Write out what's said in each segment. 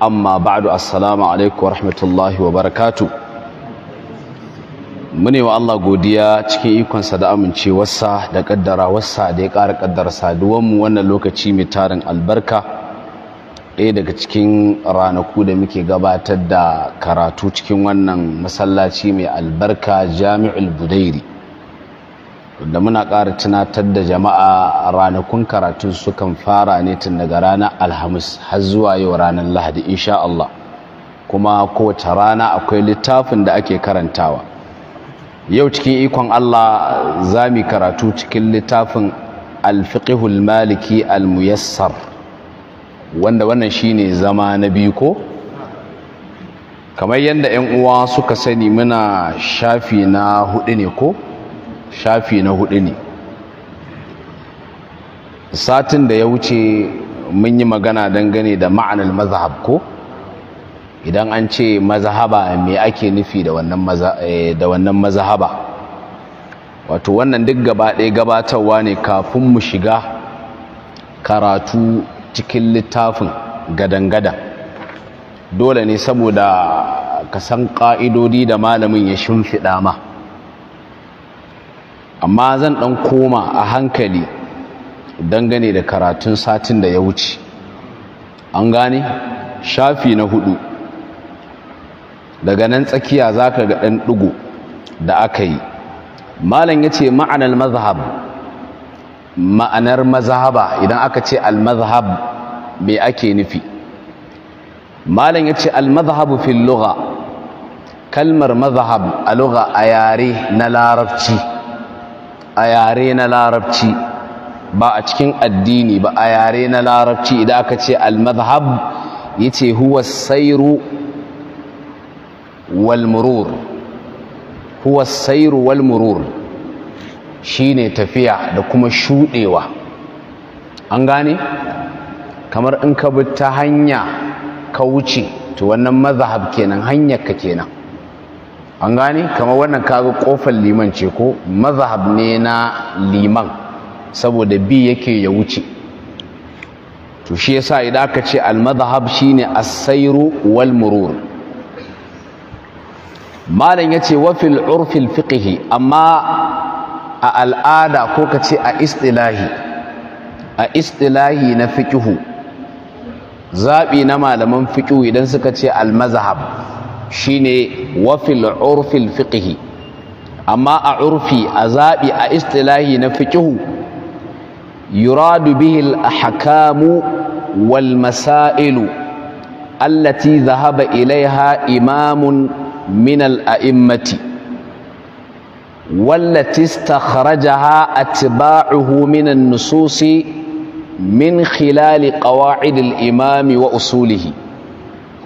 amma ba'du assalamu alaikum wa rahmatullahi wa barakatu mune wa Allah godiya cikin sa da amincewarsa da wassa da ya ƙara kaddara saduwanmu wannan lokaci mai tarin albarka ɗaya daga cikin ranaku da muke gabatar da karatu cikin wannan masallaci mai albarka jami'ul budairi da muna ƙara tunatar da jama'a ranakun karatu sukan fara ne tun daga ranar alhamis har zuwa yau ranar lahadi insha Allah kuma kowace rana akwai littafin da ake karantawa yau cikin ikon Allah za mu karatu cikin littafin alfiqihul maliki almuyassar wanda wannan shine zama na biyu ko kamar yadda 'yan uwa suka sani muna shafi na hudu ne ko shafi na hudu ne satin da ya wuce mun yi magana dangane da ma'anar mazhab ko idan an ce mazahaba me ake nufi da wannan mazahaba? Eh, wato wannan duk gaba ɗaya gabatarwa ne kafin mu shiga karatu cikin littafin gadan dole ne saboda ka san ƙa'idodi da malamin ya shimfiɗa ma amma zan ɗan koma a hankali dangane da karatun satin da ya wuce an gane shafi na hudu daga nan tsakiya za ka ga ɗan ɗigo da aka yi malam ya ce ma'anar mazhab ma'anar mazhaba idan aka ce al-mazhab me ake nufi malam ya ce al-mazhabu fil kalmar mazhab a lugha a yare na larabci a yare na larabci ba a cikin addini ba a yare na larabci idan aka ce al-madhhab yace huwa sairu wal murur huwa sairu wal murur shine tafiya da kuma shudewa an gane kamar in ka bi ta hanya ka wuce to wannan mazhab kenan hanyar ka kenan an gane kamar wannan kaga kofar liman ce ko mazhab ne na liman saboda bi yake ya wuce to shi yasa idan aka ce al mazhab shine as-sairu wal murur malam yace wa fil urfil fiqhi amma a al'ada ko kace a istilahi a istilahi na fiqhu zabi na malaman fiqhu idan suka ce al mazhab shine wafil urfil fiqhi amma a urfi a zabi a istilahi na fiqhu yuradu bihi al ahkam wal masail allati dhahaba ilaiha imam min al-a'immati والتي استخرجها أتباعه من النصوص من خلال قواعد الإمام وأصوله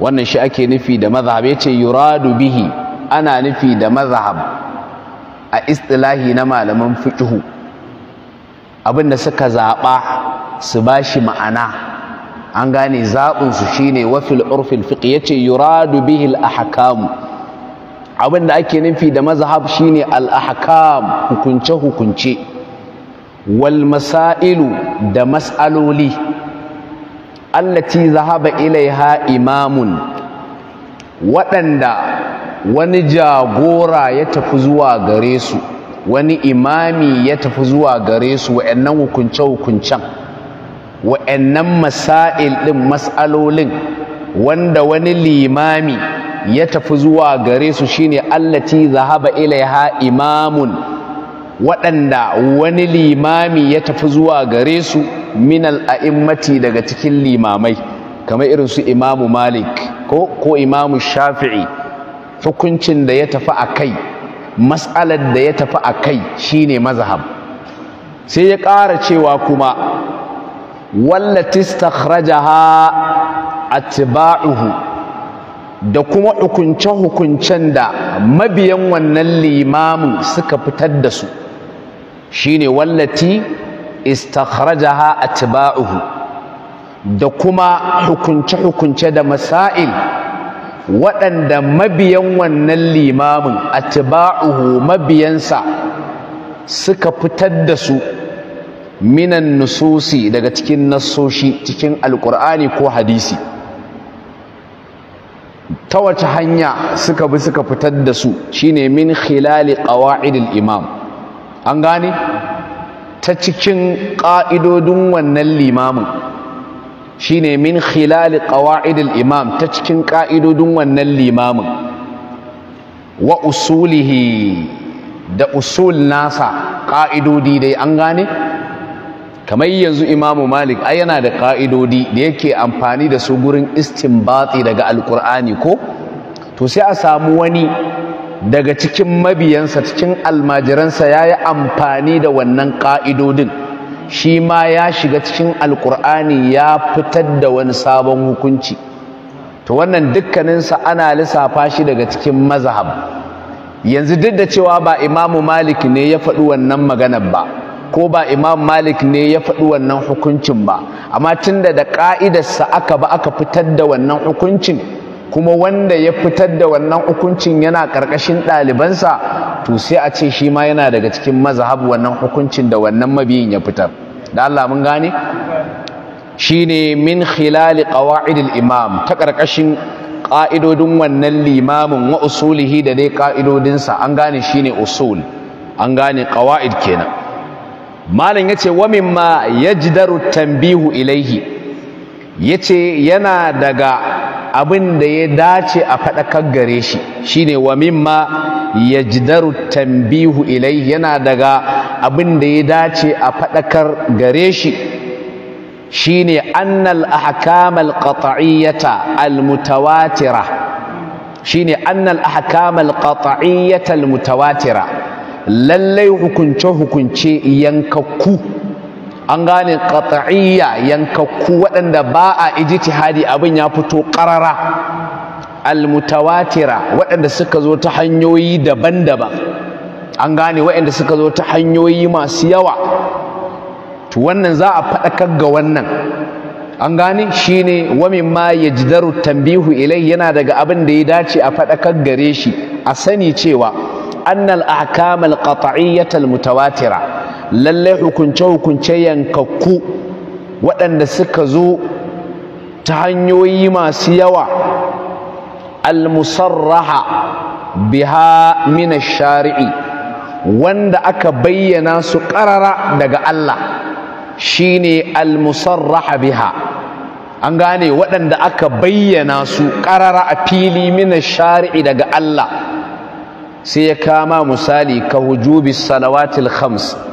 wannan shi ake nufi da mazhab yace yuradu bihi ana nufi da mazhab a istilahi na malaman Abin abinda suka zaba su bashi ma'ana an gane zabin su shine wa fil urfil fiqh yace yuradu bihi al ahkam abinda ake nufi da mazhab shine al ahkam hukunce hukunce wal masailu da mas'aloli allaci zahaba ilaiha imamun waɗanda wani jagora ya tafi zuwa gare su wani imami ya tafi zuwa gare su wa'annan hukunce-hukuncen wa'annan masail ɗin matsalolin, wanda wani limami ya tafi zuwa gare su shine allaci zahaba ilaiha imamun waɗanda wani limami ya tafi zuwa gare su minal a'immati daga cikin limamai kamar irin su imamu malik ko ko imamu shafi'i hukuncin da ya tafi a kai mas'alar da ya tafi a kai shine mazhab sai ya ƙara cewa kuma wallati istakhrajaha atba'uhu da kuma hukunce-hukuncen da mabiyan wannan limamin suka fitar da su shine wallati istakhrajaha atba'uhu da kuma hukunce-hukunce da masail waɗanda mabiyan wannan limamin atba'uhu mabiyansa suka fitar da su minan nususi daga cikin nassoshi cikin alkur'ani ko hadisi ta wace hanya suka bi suka fitar da su shine min khilali qawa'idil imam an gane ta cikin ƙa'idodin wannan limamin shi ne min khilali ƙawa'idil imam ta cikin ƙa'idodin wannan limamin wa usulihi da usul nasa ƙa'idodi dai an gane kamar yanzu imamu malik ai yana da ƙa'idodi da yake amfani da su gurin batsi daga alƙur'ani ko to sai a samu wani daga cikin mabiyansa cikin almajiransa ya yi amfani da wannan ƙa'idodin shi ma ya shiga cikin alƙur'ani ya fitar da wani sabon hukunci to wannan dukkaninsa ana lissafa shi daga cikin mazhab yanzu duk da cewa ba imamu malik ne ya faɗi wannan maganar ba ko ba imamu malik ne ya faɗi wannan hukuncin ba amma tunda da ƙa'idarsa aka ba aka fitar da wannan hukuncin kuma wanda ya fitar da wannan hukuncin yana ƙarƙashin ɗalibansa to sai a ce shi ma yana daga cikin mazhab wannan hukuncin da wannan mabiyin ya fitar da Allah mun gane ne min khilali qawaidil imam ta ƙarƙashin ƙa'idodin wannan limamin wa usulihi da dai ƙa'idodinsa an gane ne usul an gane qawaid kenan malam yace wa mimma yajdaru tanbihu ilaihi yace yana daga abin da ya dace a faɗakar gare shi shine wa mimma yajdaru tanbihu ilai yana daga abin da ya dace a faɗakar gare shi shine annal shine annal ahkam al qat'iyyata mutawatira lallai hukunce hukunce yankakku an gane qat'iyya yankakku waɗanda ba a ijtihadi abin ya fito ƙarara. almutawatira waɗanda suka zo ta hanyoyi daban-daban an gane waɗanda suka zo ta hanyoyi masu yawa to wannan za a faɗakar ga wannan an gane shi shine wa ji daru tambihu ilai yana daga abin da ya dace a faɗakar gare shi a sani cewa annal ahkamal qat'iyyah mutawatira lallai hukunce-hukunce yankakku waɗanda suka zo ta hanyoyi masu yawa almusarraha biha mina shari'i wanda aka bayyana su ƙarara daga Allah shine almusarraha biha an gane waɗanda aka bayyana su ƙarara a fili mina shari'i daga Allah sai ya kama misali ka hujubi salawatil khams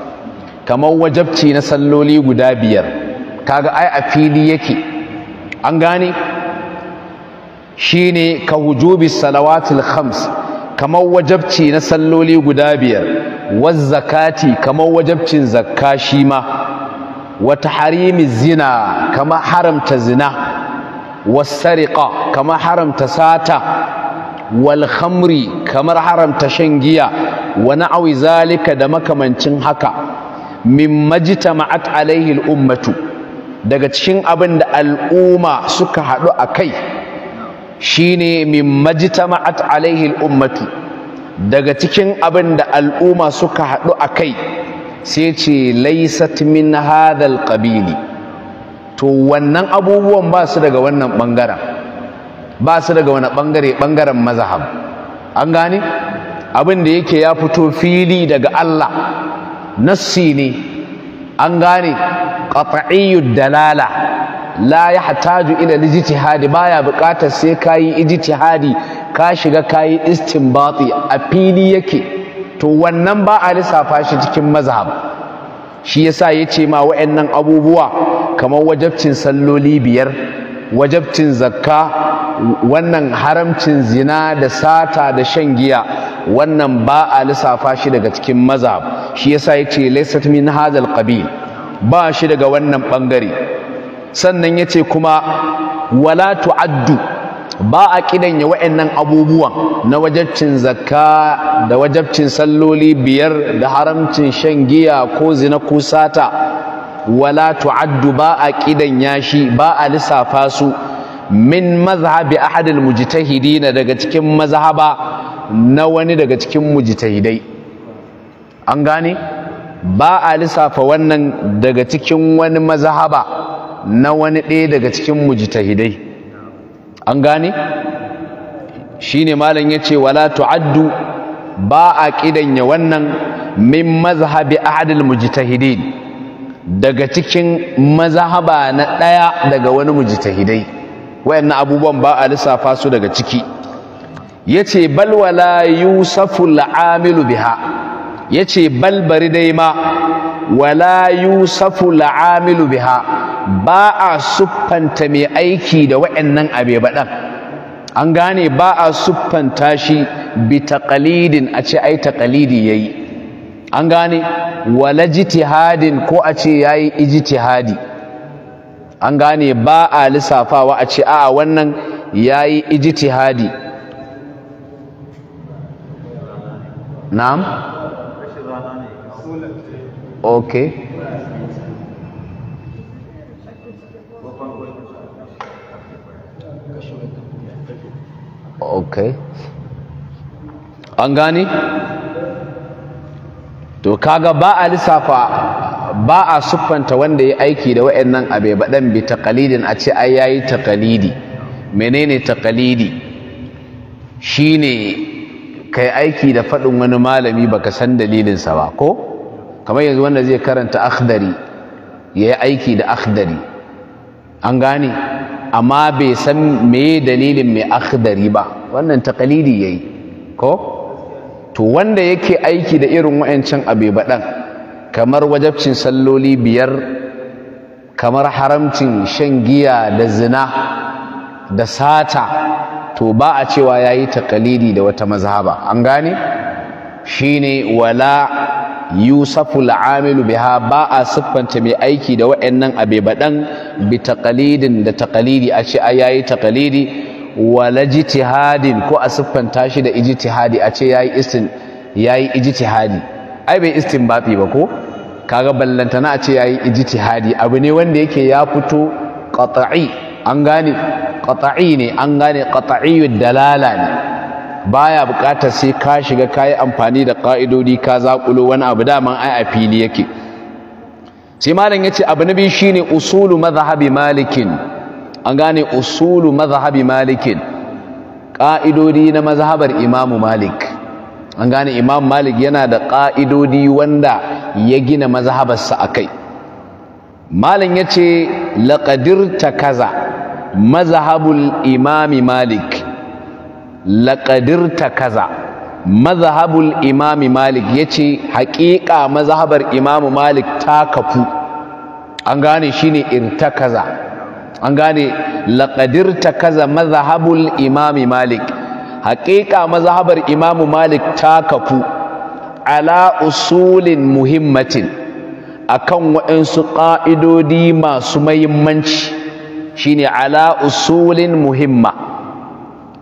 kamar wajabci na salloli guda biyar kaga ai a fili yake an gane shine ka hujubi salawatil khams kamar wajabci na salloli guda biyar waz zakati kamar wajabcin zakka shi ma wa taharimi zina kama haramta zina was sariqa kama haramta sata wal khamri kamar haramta shan giya wa na'awi zalika da makamancin haka mimma jitama'at alaihi al'ummatu daga cikin abin da al'umma suka haɗu a kai shine mimma jitama'at alaihi al'ummatu daga cikin abin da al'umma suka haɗu a kai sai ce laisat min hadhal qabili to wannan abubuwan ba su daga wannan bangaren ba su daga wani bangare bangaren mazhab an gane abin da yake ya fito fili daga Allah nassi ne an gane ƙafa'iyyar dalala la yahtaju ila ijtihadi baya buƙatar sai kayi ijtihadi ka shiga kayi istinbati a fili yake to wannan ba a lissafa shi cikin mazhab shi yasa ce ma wa'annan abubuwa kamar wajabcin salloli biyar wajabcin zakka wannan haramcin zina da sata da shan giya wannan ba a lissafa shi daga cikin mazhab shi yasa yace laysat min hadal qabil ba shi daga wannan bangare sannan yace kuma wala tu'addu ba a kidanya wa'annan abubuwan na wajabcin zakka da wajabcin salloli biyar da haramcin shan giya ko zina ko sata wala tu'addu ba a kidanya shi ba a lissafa su min mazhabi ahadil mujtahidin daga cikin mazhaba na wani daga cikin mujtahidai an gane ba a lissafa wannan daga cikin wani mazahaba na wani ɗaya daga cikin mujtahidai an gane shine malam yace wala tu'addu ba a kidanya wannan min mazhabi ahadil mujtahidin daga cikin mazhaba na ɗaya daga wani mujtahidai wayannan abubuwan ba a lissafa su daga ciki yace bal wala yusafu al'amilu biha yace ce bari dai ma wala yusafu la'amilu biha ba a suffanta mai aiki da wa'annan abe baɗan an gane ba a suffanta shi bi taqalidin a ce ai taqalidi yayi an gane wala jitihadin ko a ce yayi ijtihadi an gane ba a lissafawa a ce a'a wannan yayi ijtihadi na'am okay okay an gani? to kaga ba a lissafa ba a siffanta wanda ya aiki da wa'annan abe baɗan bi takalidin a ce ai yayi takalidi menene takalidi shine kai aiki da faɗin wani malami baka san dalilinsa ba ko kamar yanzu wanda zai karanta akhdari ya yi aiki da akhdari an gane amma bai san me dalilin mai akhdari ba wannan takalidi ya yi ko to wanda yake aiki da irin abu baɗan, kamar wajabcin salloli biyar kamar haramcin shan giya da zina da sata to ba a cewa ya yi takalidi da wata mazhaba an gane shine wala yusafu al'amilu biha ba a siffanta mai aiki da wa'annan abe badan bi taqalidin da taqalidi a ce a taqalidi wala ko a siffanta shi da ijtihadi a ce yayi istin yayi ijtihadi ai bai istinbati ba ko kaga ballantana a ce yayi ijtihadi abu ne wanda yake ya fito qat'i an gane qat'i ne an gane dalala ne baya buƙatar sai ka shiga ka yi amfani da ƙa'idodi ka zaƙulo wani abu daman ai a fili yake sai malam yace ce abu na biyu shine usulu mazhabi malikin an gane usulu mazhabi malikin ƙa'idodi na mazhabar imamu malik an gane imamu malik yana da ƙa'idodi wanda ya gina mazhabarsa a kai malam yace ce laƙadirta kaza mazhabul imami malik laƙadirta kaza mazhabul imami malik ya ce haƙiƙa mazhabar imamu malik ta kafu an gane shi ne irtakaza an gane laƙadirta kaza mazhabul imami malik haƙiƙa mazhabar imamu malik ta kafu ala usulin muhimmatin akan waɗansu ƙa'idodi masu mahimmanci shine ala usulin muhimma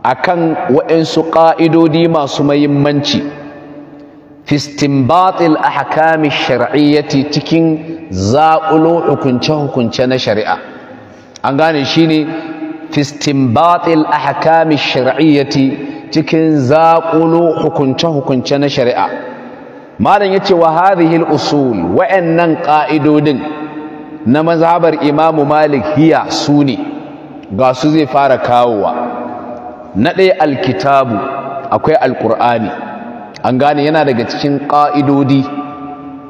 akan waɗansu ƙa'idodi masu mahimmanci a ahkami shar'iyyati cikin zaƙulo hukunce-hukunce na shari'a an gane shi ne a ahkami shar'iyyati cikin zaƙulo hukunce-hukunce na shari'a malam yace wa hadhihi al-usul wa'annan ƙa'idodin na mazhabar imamu malik hiya su ne ga su zai fara kawowa na ɗaya alkitabu akwai alƙur'ani an gane yana daga cikin ƙa'idodi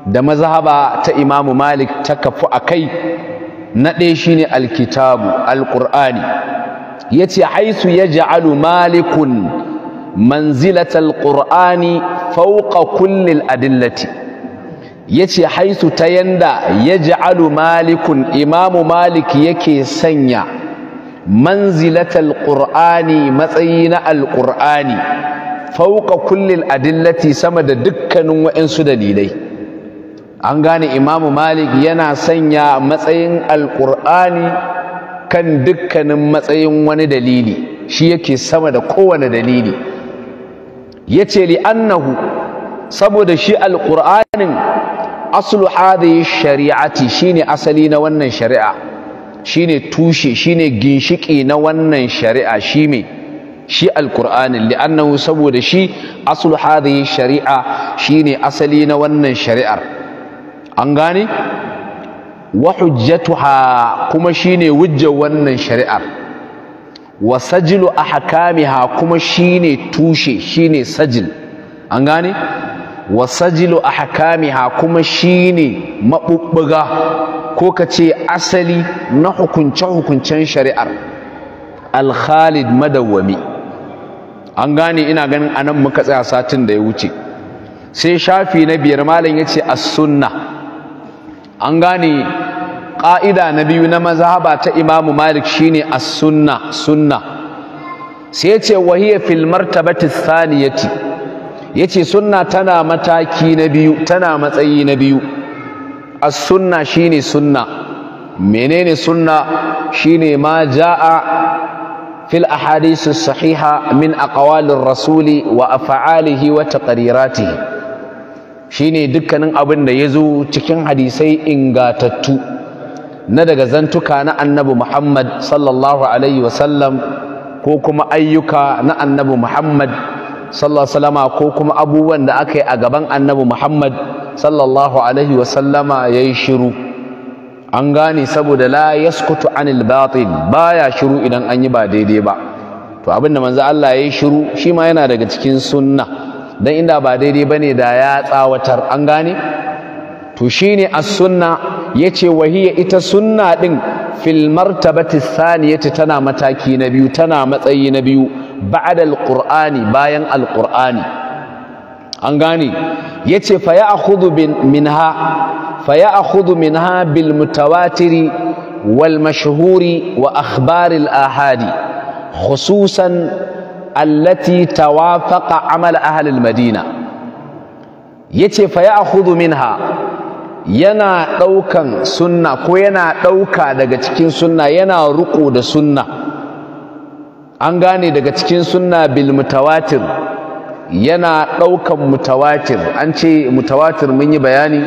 da mazhaba ta imamu malik ta kafu a kai na ɗaya shine alkitabu alƙur'ani ya ce haisu ya ja'alu malikun manzilatal ƙur'ani fauƙa kullil adillati ya ce haisu ta yanda ya ja'alu malikun imamu malik yake sanya manzilatal qur'ani matsayi na alqur'ani fauka kullil adillati sama da dukkanin waɗansu dalilai an gane imamu malik yana sanya matsayin alqur'ani kan dukkanin matsayin wani dalili shi yake sama da kowane dalili yace li annahu saboda shi alqur'anin aslu hadhihi shari'ati shine asali na wannan shari'a shine tushe shine ginshiki na wannan shari'a shi me shi alqur'anin li'annahu saboda shi aslu hadhihi shari'a shine asali na wannan shari'ar an gane wa hujjatuha kuma shine wujjar wannan shari'ar wa sajlu ahkamiha kuma shine tushe shine sajil an gane wasajilu ahkamiha kuma shine mabubbuga ko kace asali na hukunce hukuncen shari'ar al-Khalid madawwami an gane ina ganin anan muka tsaya satin da ya wuce sai shafi na biyar malam yace as-sunna an gane ƙa'ida na biyu na mazhaba ta imamu malik shine as-sunna sunna sai yace wahiya fil martabati thaniyati yace sunna tana mataki na biyu tana matsayi na biyu as-sunna shine sunna menene sunna shine ma jaa fil ahadith as-sahiha min aqwalir rasuli wa af'alihi wa taqriratihi shine dukkanin abin da yazo cikin hadisai ingatattu na daga zantuka na annabi Muhammad sallallahu alaihi wasallam ko kuma ayyuka na annabi Muhammad sallallahu alaihi ko kuma abubuwan da aka yi a gaban annabi Muhammad sallallahu alaihi wasallama yayi shiru an gane saboda la yaskutu anil batil baya shiru idan an yi ba daidai ba to abinda manzo Allah yayi shiru shi ma yana daga cikin sunna dan inda ba daidai bane da ya tsawatar an gane to shine as-sunna yace wahiya ita sunna din fil martabati thaniyati tana mataki na biyu tana matsayi na biyu بعد القرآن باين القرآن أنغاني يتي فيأخذ منها فيأخذ منها بالمتواتر والمشهور وأخبار الآحاد خصوصا التي توافق عمل أهل المدينة يتي فيأخذ منها ينا توكا سنة كوينا توكا دقا سنة ينا رقود سنة an gane daga cikin sunna bil mutawatir yana ɗaukan mutawatir an ce mutawatir mun yi bayani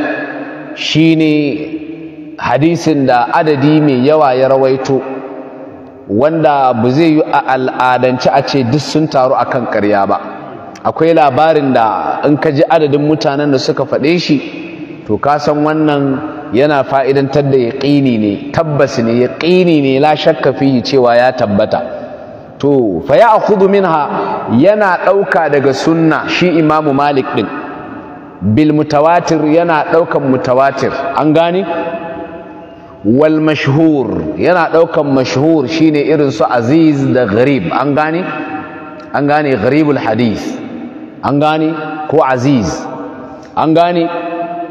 shine hadisin da adadi mai yawa ya rawaito wanda ba zai yi a al'adance a ce duk sun taru a kan karya ba akwai labarin da in ka ji adadin mutanen da suka faɗe shi to ka san wannan yana fa'idantar da yaƙini ne tabbas ne yaƙini ne la shakka fihi cewa ya tabbata to fa ya'khudhu minha yana ɗauka daga sunna shi imamu malik ɗin bil mutawatir yana ɗaukan mutawatir an gani? wal mashhur yana ɗaukan mashhur shine irin su aziz da gharib an gani? an gane gharibul hadith an gani? ko aziz an gani?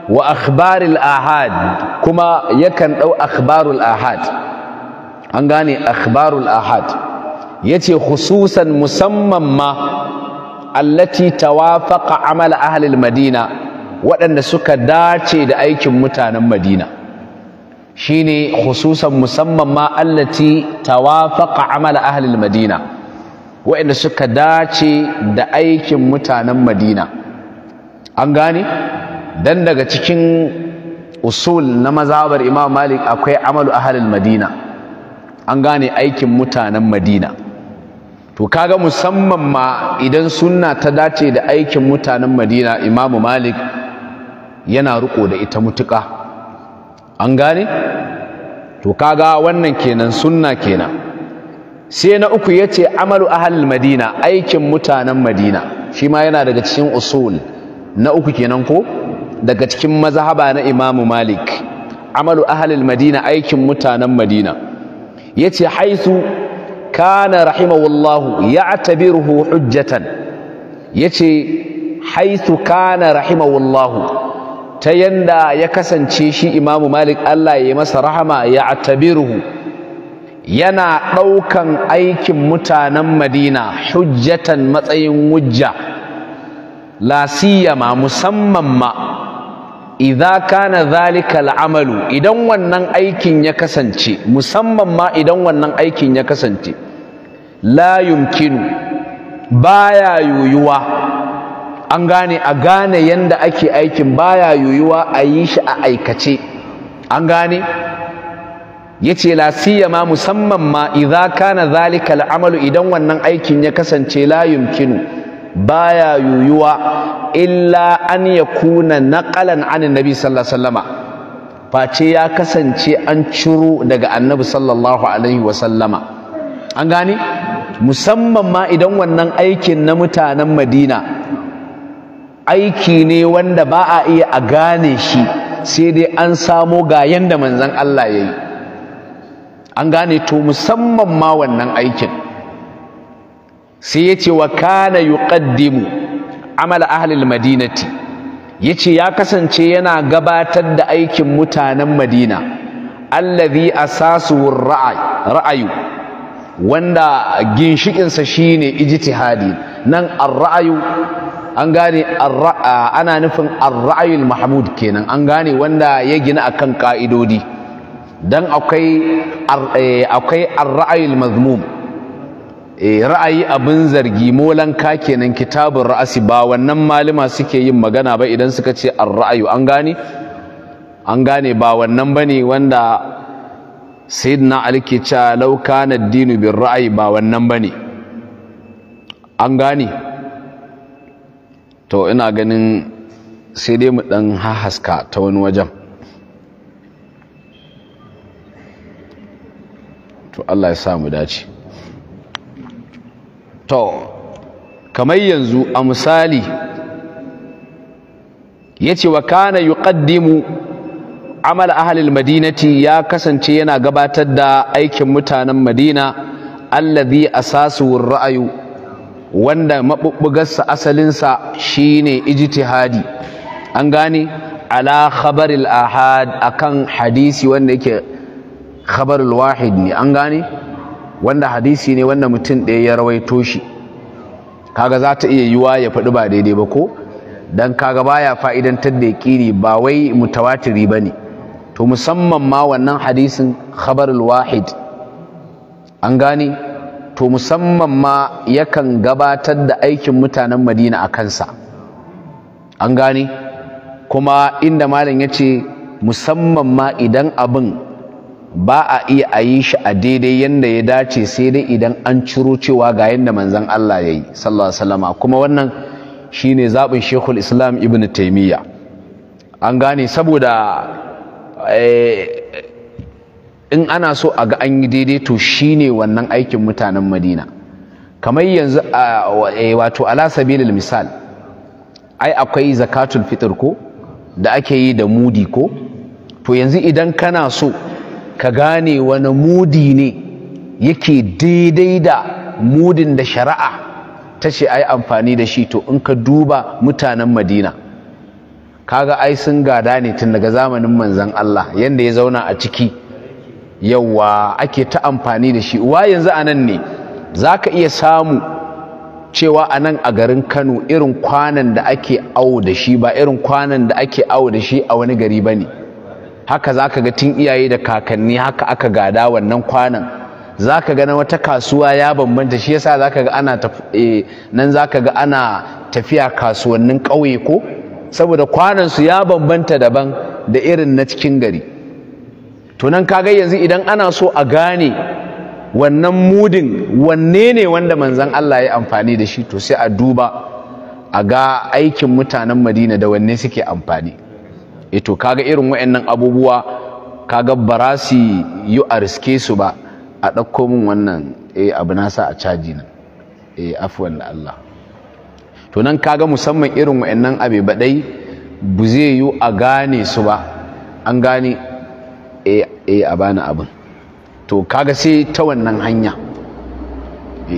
wa akhbaril ahad kuma yakan ɗau akhbarul ahad an gane akhbarul ahad yace hususan musamman ma allati tawafaqa amala ahli madina waɗanda suka dace da aikin mutanen madina shine hususan musamman ma allati tawafaqa amala ahli madina waɗanda suka dace da aikin mutanen madina an gane dan daga cikin usul na mazabar imam malik akwai amalu ahlil madina an gane aikin mutanen madina to kaga musamman ma idan sunna ta dace da aikin mutanen madina imamu malik yana riko da ita mutuka an gane to kaga wannan kenan sunna kenan sai na uku yace amalu ahlul madina aikin mutanen madina shi ma yana daga cikin usul na uku kenan ko daga cikin mazhaba na imamu malik amalu ahlul madina aikin mutanen madina yace haisu kana rahimahullahu ya'tabiruhu hujjatan yace haythu kana rahimahullahu ta yanda ya kasance shi imamu malik Allah ya masa rahama ya'tabiruhu yana daukan aikin mutanen madina hujjatan matsayin hujja la siyama musamman ma idza kana zalikal amalu idan wannan aikin ya kasance musamman ma idan wannan aikin ya kasance la yumkinu baya yuyuwa an gane a gane yanda ake aikin baya yuyuwa a yi shi a aikace an gane yace la siyama musamman ma idza kana zalikal amalu idan wannan aikin ya kasance la yumkinu baya yuyuwa illa an yakuna naqalan an annabi sallallahu alaihi wasallama face ya kasance an ciro daga annabi sallallahu alaihi wasallama an gane musamman ma idan wannan aikin na mutanen Madina aiki ne wanda ba a iya a gane shi sai dai an samo ga yanda manzon Allah yayi an gane to musamman ma wannan aikin sai ya ce wa kana yuqaddimu amala ahlil madinati ya ce ya kasance yana gabatar da aikin mutanen madina allazi asasuhu ra'ayu wanda ginshikinsa shine ijtihadi nan ar-ra'ayu an gane ana nufin ar-ra'ayul mahmud kenan an gane wanda ya gina a kan ka'idodi dan akwai eh, akwai ar-ra'ayul mazmum Eh, ra'ayi abin zargi ka kenan kitabun ra'asi ba wannan malama suke yin magana ba idan suka ce an ra'ayu an gane an gane ba wannan bane wanda sayyidina ali ke cewa law kana ad-dinu bir ra'ayi ba wannan bane an gane to ina ganin sai dai mu dan hahaska ta wani wajen to Allah ya sa mu dace to kamar yanzu a misali yace wa kana amala amal ahlil madinati ya kasance yana gabatar da aikin mutanen madina alladhi asasu ra'ayu wanda mabubbugarsa asalinsa shine ijtihadi an gane ala khabaril ahad akan hadisi wanda yake khabaril wahid ne an gane wanda hadisi ne wanda mutum ɗaya ya rawaito shi kaga za ta iya yiwa ya faɗi ba daidai ba ko dan kaga baya fa'idantar da yaƙini ba wai mutawatiri ba ne to musamman ma wannan hadisin khabarul wahid an gane to musamman ma yakan gabatar da aikin mutanen madina a kansa an gane kuma inda malam ya ce musamman ma idan abin ba a iya a yi shi a daidai yadda ya dace sai dai idan an ciro cewa ga yadda manzon Allah ya yi sallallahu alaihi salama. kuma wannan shine zaɓin shekul islam ibn taimiyya an gane saboda eh, in ana so a ga an yi daidai to shine wannan aikin mutanen madina kamar yanzu eh, wato ala misal ai akwai zakatul fitr ko da ake yi da mudi ko to yanzu idan kana so ka gane wani mudi ne yake daidai da mudin da shari'a ta ce ai amfani da shi to in ka duba mutanen madina kaga ai sun gada ne tun daga zamanin manzan Allah yadda ya zauna a ciki yawa ake ta amfani da shi wa yanzu a nan ne za ka iya samu cewa a nan a garin kano irin kwanan da ake awo da shi ba irin kwanan da ake awo da shi a wani gari ba ne haka za ka ga tun iyaye da kakanni haka aka gada wannan kwanan za ka ga na wata kasuwa ya bambanta shi yasa za ka ga ana eh, nan za ka ga ana tafiya kasuwannin ƙauye ko saboda su ya bambanta daban da irin na cikin gari to nan ka kaga yanzu idan ana so a gane wannan mudin wanne ne wanda manzon Allah ya amfani da shi to sai a duba a ga aikin mutanen Madina da wanne suke amfani Eh to kaga irin wa'annan abubuwa kaga ba su yi a riske su ba a ɗauko min wannan e abu nasa a caji nan e eh, afwan da Allah to nan kaga musamman irin wa'annan abu baɗai bu zai yi a gane su ba an gane e a bani abin to kaga sai ta wannan hanya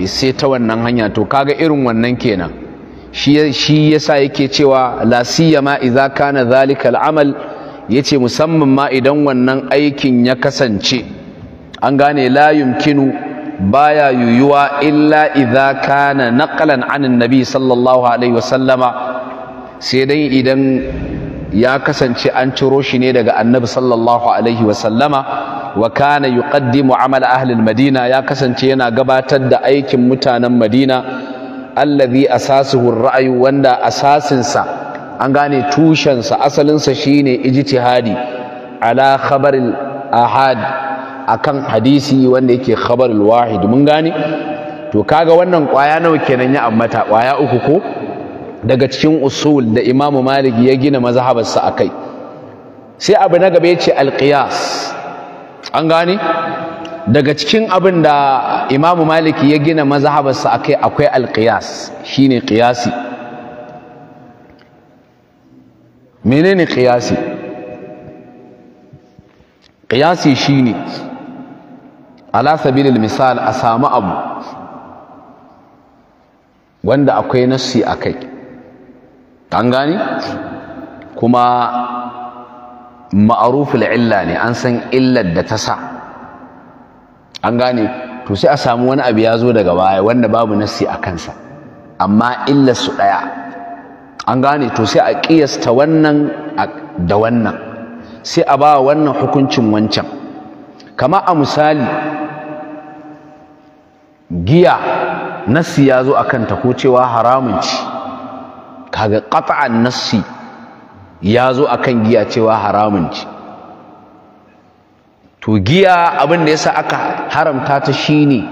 sai ta wannan hanya to kaga irin wannan kenan shi yasa yake cewa la siyama idza kana zalika al'amal yace musamman ma idan wannan aikin ya kasance an gane la yumkinu baya yuyuwa illa idza kana naqlan anin nabi sallallahu alaihi wasallama sai dai idan ya kasance an ciro shi ne daga annabi sallallahu alaihi wasallama wa kana yuqaddimu amal ahli madina ya kasance yana gabatar da aikin mutanen madina allazi asasuhu ra'ayu wanda asasinsa an gane tushensa asalinsa shine ijtihadi ala khabaril ahad akan hadisi wanda yake khabaril wahid mun gane to kaga wannan kwaya nawa kenan ya ammata kwaya uku ko daga cikin usul da imamu malik ya gina mazhabarsa akai sai abu na gaba yace qiyas an gane daga cikin abin da imamu maliki ya gina mazhabarsa akai akwai alqiyas shine qiyasi menene qiyasi qiyasi shine ala sabilil misal a samu abu wanda akwai nassi akai an gani kuma ma'aruful illa ne an san illar da ta sa an gane to sai a samu wani abu ya zo daga baya wanda babu nassi a kansa amma illa su ɗaya an gane to sai a ƙiyasta wannan da wannan sai a ba wannan hukuncin wancan kama a misali giya nassi ya zo a kanta ko cewa haramun ci kaga ƙafa'an nassi ya zo a kan giya cewa haramun ci to giya abin da yasa aka haramta ta shine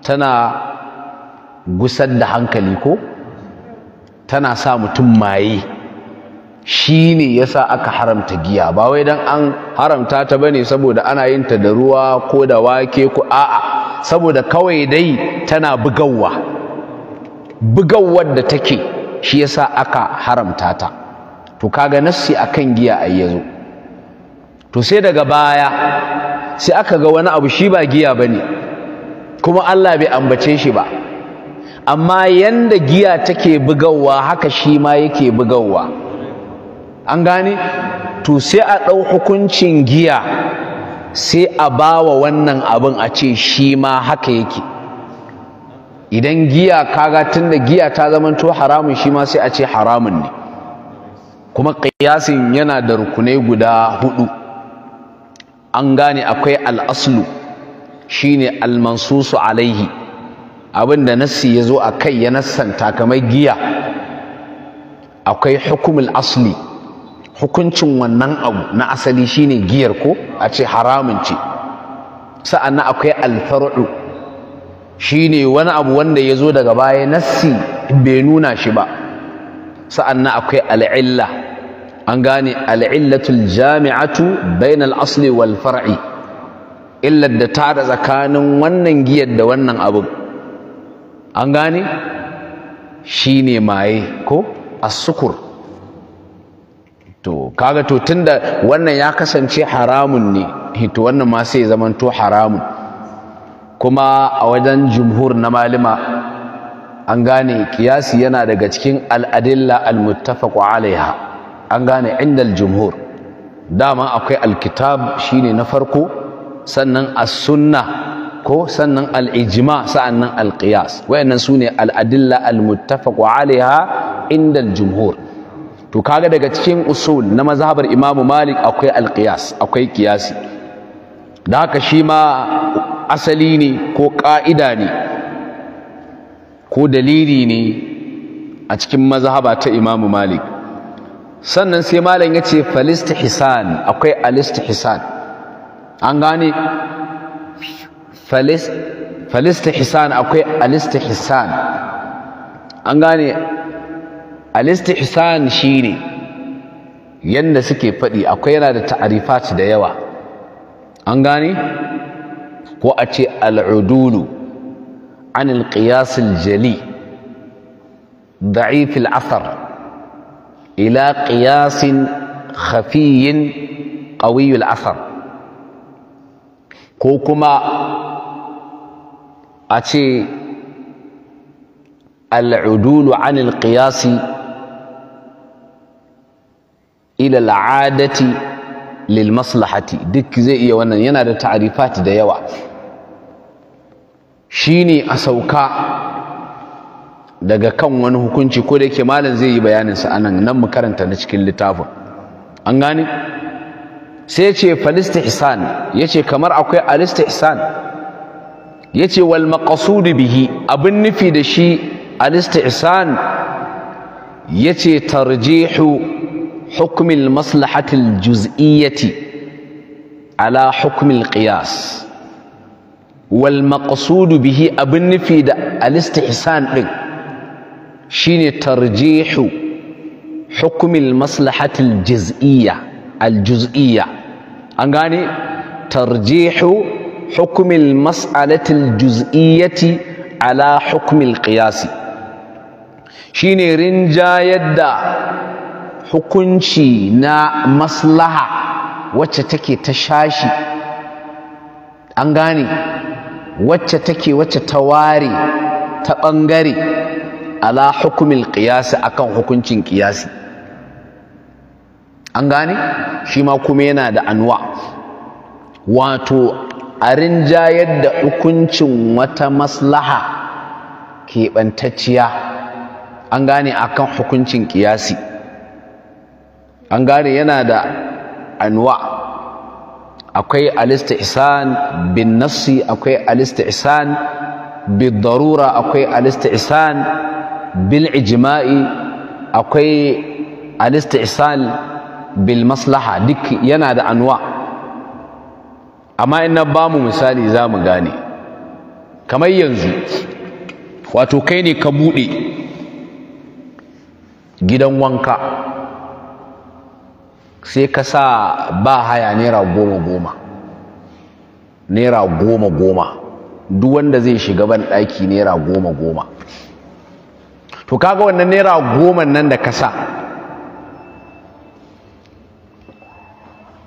tana gusar da hankali ko tana sa mutum maye shine yasa aka haramta giya ba wai don an haramta ta bane ne saboda ana yin ta da ruwa ko da wake ko a'a saboda kawai dai tana bugawa bugawar da take shi yasa aka haramta ta to kaga nassi akan giya ai yazo to sai daga baya sai aka ga wani abu shi ba giya bane kuma Allah bai ambace shi ba amma yanda giya take bugawa haka shi ma yake bugawa an gane to sai a ɗau hukuncin giya sai a bawa wannan abin a ce shi ma haka yake idan giya kaga tunda giya ta zamanto haramun shi ma sai a ce haramun ne kuma kiyasin yana da rukunai guda hudu an gane akwai al'aslu shine almansusu alaihi abinda nassi ya zo a kai ya nassanta kamar giya akwai hukumul asli hukuncin wannan abu na asali shine giyar ko a ce haramun ce sa'annan akwai alfar'u shine wani abu wanda ya zo daga baya nassi bai nuna shi ba sa'annan akwai al'illa an gane al'illatul jami'atu bainal asli wal far'i illar da ta tsakanin wannan giyar da wannan abin an gane shi ne maye ko asukur to kaga to tunda wannan ya kasance haramun ne hito wannan ma sai zamanto haramun kuma a wajen jumhur na malima an gane kiyasi yana daga cikin al'adilla al-muttafaqu alaiha an gane indal jumhur dama akwai alkitab shine na farko sannan as-sunna ko sannan al-ijma sa'annan al-qiyas wayannan sune al-adilla al-muttafaqu 'alayha indal jumhur to kaga daga cikin usul na mazhabar Imam Malik akwai al-qiyas akwai qiyasi da haka shi ma asali ne ko ka'ida ne ko dalili ne a cikin mazhaba ta Imam Malik sannan sai malam ya ce falistihsan akwai alistihsan an gane falistihsan akwai alistihsan an gane shi shine yadda suke faɗi akwai yana da ta'arifat da yawa an gane ko a ce al'udulu an al jali da'ifil al ila qiyasin khafiyin qawiyul asar ko kuma a ce al'udulu an alqiyasi ila al'adati lil maslahati duk zai iya wannan yana da ta'arifat da yawa Shi ne a sauka daga kan wani hukunci ko da yake malam zai yi bayaninsa a nan mu karanta na cikin littafin an gane sai ya ce falistihsan ya ce kamar akwai alistihsan ya ce wal maqasudu bihi abin nufi da shi alistihsan ya ce tarjihu hukmin maslahatil juz'iyyati ala hukmin qiyas wal maqasudu bihi abin nufi da alistihsan din shine tarjihu hukumin maslahatil juz'iyya al-juz'iyya an gane tarjihu hukumin mas'alatil juz'iyyati ala hukumin qiyasi shine rinjayar da hukunci na maslaha wacce take ta shashi an gane wacce take wacce ta ware ta ɓangare ala hukumil qiyasi akan hukuncin qiyasi an gane shi ma kuma yana da anwa wato a rinjayar da hukuncin wata maslaha keɓantacciya an gane akan hukuncin qiyasi an gane yana da anwa' akwai isan bin nafsi akwai isan bin darura akwai isan bil ijma'i akwai alistisal bil maslaha duk yana da anwa amma inna ba bamu misali za mu gane kamar yanzu wato kai ne ka buɗe gidan wanka sai ka sa ba haya naira goma goma naira goma goma duk wanda zai shiga ban ɗaki naira goma goma to kaga wannan naira goma nan da ka sa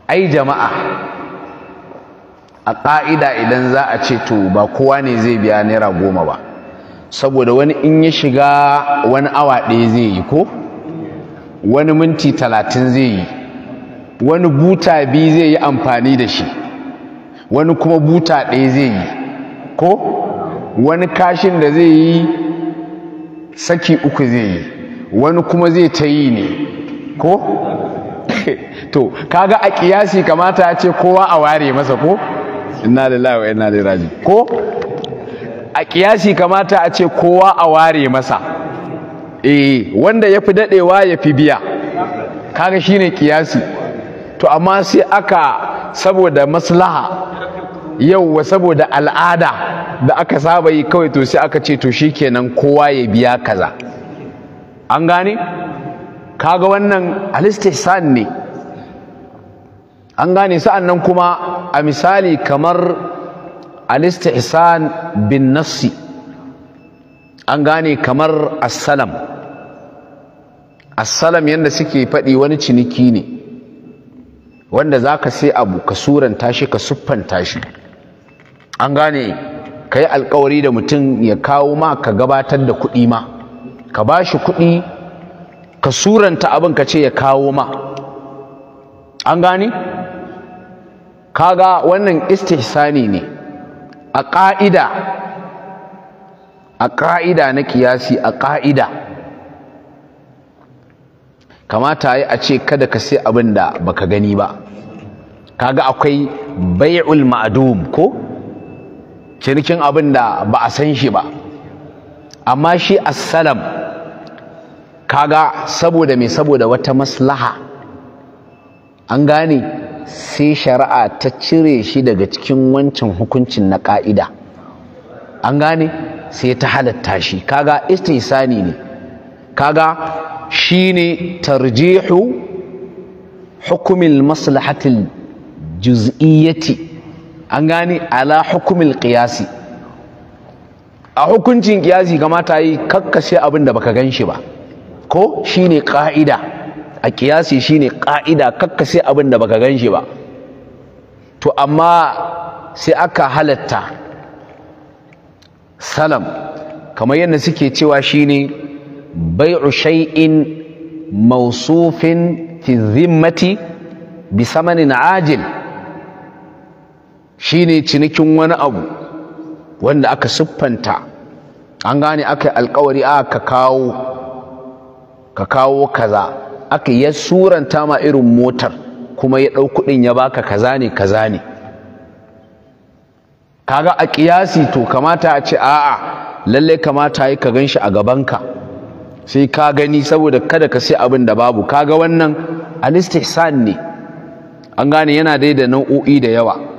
ai jama'a a ƙa'ida idan za a ce to ba kowa ne zai biya naira goma ba saboda wani in ya shiga wani awa ɗaya zai yi ko wani minti talatin zai yi wani buta biyu zai yi amfani da shi wani kuma buta ɗaya zai yi ko wani kashin da zai yi saki uku zai yi wani kuma zai ta yi ne ko to kaga a kiyasi kamata ce kowa a ware masa ko Ina da wa ina da raji ko a kiyasi kamata a ce kowa a ware masa eh wanda ya fi dadewa ya fi biya kaga shine kiyasi to amma sai aka saboda maslaha Yau wa saboda al'ada da aka saba yi kawai to sai aka ce to shi shikenan kowa ya biya kaza an gane kaga wannan alistihsan ne an gane sa'an nan kuma a misali kamar alistihsan bin nassi an gane kamar assalam assalam yadda suke faɗi wani ciniki ne wanda za ka sai abu ka suranta shi ka siffanta shi an gane ka yi alkawari da mutum ya kawo ma ka gabatar da kuɗi ma ka ba shi kuɗi ka suranta abin ka ce ya kawo ma an gane kaga wannan istihsani ne a ƙa'ida a ƙa'ida na kiyasi a ƙa'ida kamata yi a ce kada ka sai abin da baka gani ba kaga akwai bai'ul ma'adum ko cinikin abin da ba a san shi ba amma shi assalam kaga saboda mai saboda wata maslaha an gane sai shari'a ta cire shi daga cikin wancan hukuncin na ka'ida an gane sai ta halatta shi kaga istisani ne kaga shi ne tarjihu hukumin maslahatil juz'iyyati an gane ala hukumil qiyasi a hukuncin qiyasi kamata yi kakkashe abin da baka gan shi ba ko shine ka'ida a qiyasi shine ka'ida kakkashe abin da baka gan shi ba to amma sai aka halatta salam kamar yadda suke cewa shine bai'u shay'in mausufin fi zimmati bi samanin ajil shine cinikin wani abu wanda aka siffanta an gane aka yi alkawari a ah, ka kawo ka kawo kaza aka ya suranta ma irin motar kuma ya ɗau kuɗin ya baka kaza ne kaza ne kaga a kiyasi to kamata a ce a'a lallai kamata yi ka gan shi a gabanka sai ka gani saboda kada ka sai abin da babu kaga wannan alistihsan ne an gane yana dai da nau'o'i da yawa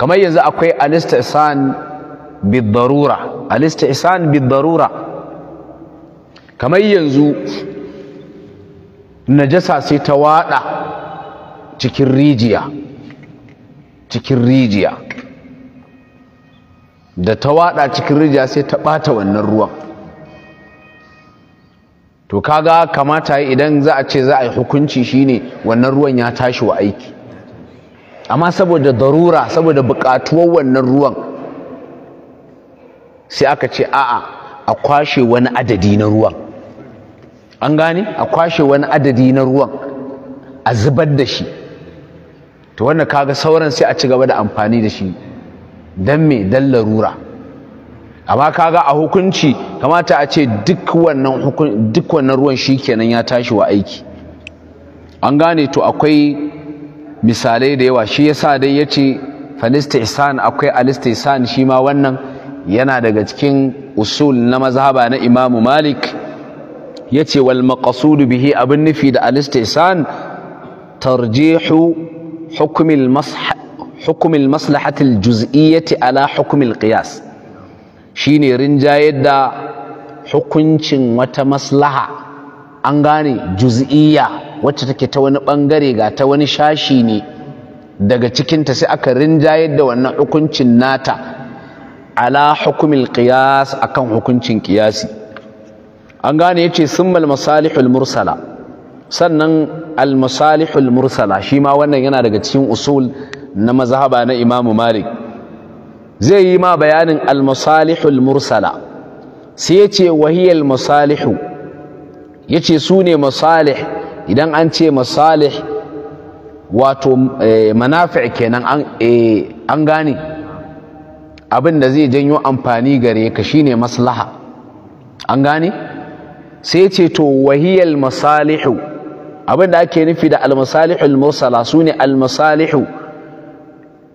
kamar yanzu akwai isan bidarura isan bidarura kamar yanzu najasa sai ta wada cikin rijiya cikin rijiya da ta wada cikin rijiya sai ta bata wannan ruwan to kaga kamata idan za a ce za a yi hukunci shine wannan ruwan ya tashi wa aiki amma saboda darura saboda buƙatuwar wannan ruwan sai aka ce a'a a kwashe wani adadi na ruwan an gane a kwashe wani adadi na ruwan a zubar da shi to wannan kaga sauran sai a ci gaba da amfani da shi don me don larura amma kaga a hukunci kamata a ce duk wannan duk wannan ruwan shikenan ya tashi wa aiki an gane to akwai misalai da yawa shi yasa dai yace falistihsan akwai alistihsan shi ma wannan yana daga cikin usul na mazhaba na Imam Malik yace wal maqsud bihi abin nufi da alistihsan tarjihu hukm al maslaha hukm al ala hukm al qiyas shine rinjayar da hukuncin wata maslaha an gane juz'iyya wacce take ta wani bangare ga ta wani shashi ne daga cikinta sai aka rinjayar da wannan hukuncin nata ala hukumil qiyas akan hukuncin qiyasi an gane yace summal masalihul mursala sannan al masalihul mursala shi ma wannan yana daga cikin usul na mazhaba na Imam Malik zai yi ma bayanin al masalihul mursala sai yace wahiyal masalihu yace sune masalih idan an ce masalih wato eh, manafi' kenan eh, an gane abin da zai janyo amfani gare ka shine maslaha an gane sai ce to wahiyal masalihu abin da ake nufi da almasalihu almursala sune almasalihu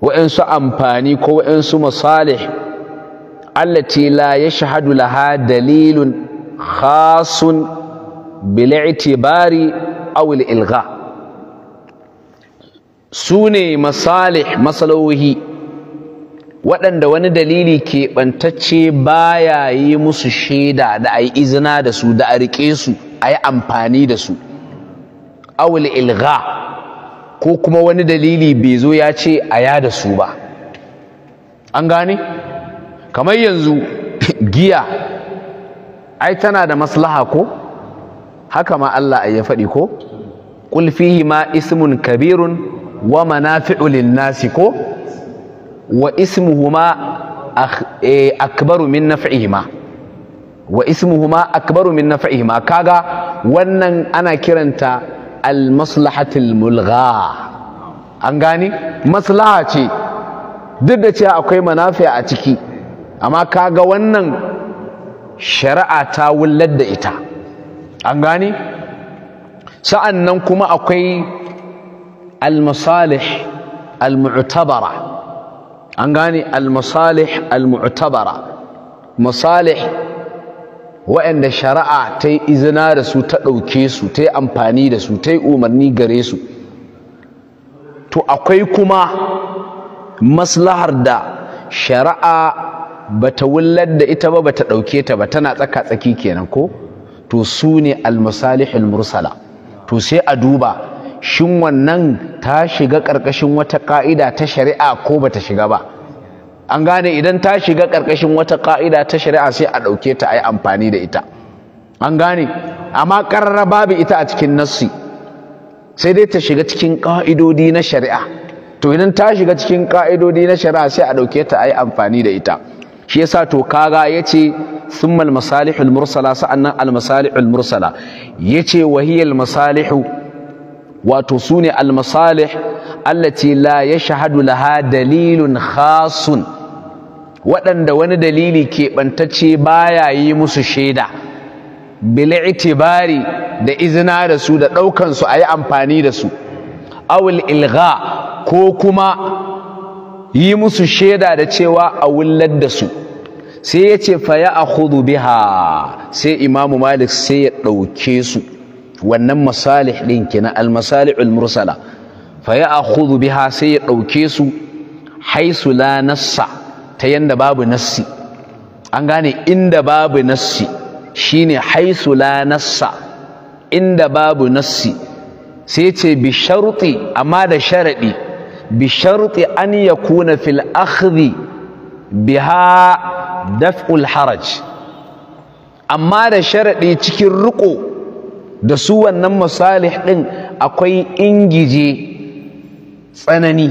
wa'ansu amfani ko wa'ansu masalih allati la shahadu laha dalilun khasun bil i'tibari awil ilga su ne masalih masalohi waɗanda wani dalili keɓantacce baya yi musu shaida da a yi izina da su da a riƙe su a yi amfani da su awul ilga ko kuma wani dalili bai zo ya ce a ya da su ba an gane kamar yanzu giya ai tana da maslaha ko haka ma Allah ya faɗi ko qul ma ismun kabirun wa manafi'u lin-nasi ko wa ismuhuma e, akbaru min ma, wa ismuhuma akbaru min ma kaga wannan ana kiranta al-maslahatul mulgha an gani maslaha ce duk da cewa akwai manafiya a ciki amma kaga wannan shari'a ta wullar da ita an gani sa'an nan kuma akwai al almu'tabara an al-masalih al almu'tabara masalih waɗanda shari'a ta yi izina da su ta ɗauke su ta yi amfani da su ta yi umarni gare su to akwai kuma maslahar da shari'a ba ta wullar da ita ba ba ta ɗauke ta ba tana tsaka-tsaki kenan ko? to su ne almasalihul mursala to sai a duba shin wannan ta shiga ƙarƙashin wata ƙa'ida ta shari'a ko ba ta shiga ba an gane idan ta shiga ƙarƙashin wata ƙa'ida ta shari'a sai a ɗauke ta a amfani da ita an gane amma ƙarara babu ita a cikin nassi sai dai ta shiga cikin ƙa'idodi na shari'a to idan ta shiga cikin ƙa'idodi na shari'a sai a ɗauke ta a amfani da ita shi yasa to kaga yace thumma al masalih al mursala sa'annan al masalih al mursala yace wa hiya al masalih wato sune al masalih allati la yashhadu laha dalilun khasun waɗanda wani dalili keɓantacce baya yi musu shaida bil itibari da izina da su da ɗaukansu a yi amfani da su awul ilga ko kuma yi musu shaida da cewa a wullar da su sai ya ce "Faya a hudu biha sai imamu malik sai ya ɗauke su wannan masalih ɗin kenan almasalihul mursala Faya a hudu biha sai ya ɗauke su haisu la nassa ta yanda babu nassi an gane inda babu nassi shine haisu la nassa inda babu nassi sai ce bi sharuti amma da sharaɗi bi sharti an yakuna fil akhdhi biha daf'ul haraj amma da sharaɗi cikin riƙo da su wannan masalih ɗin akwai ingije tsanani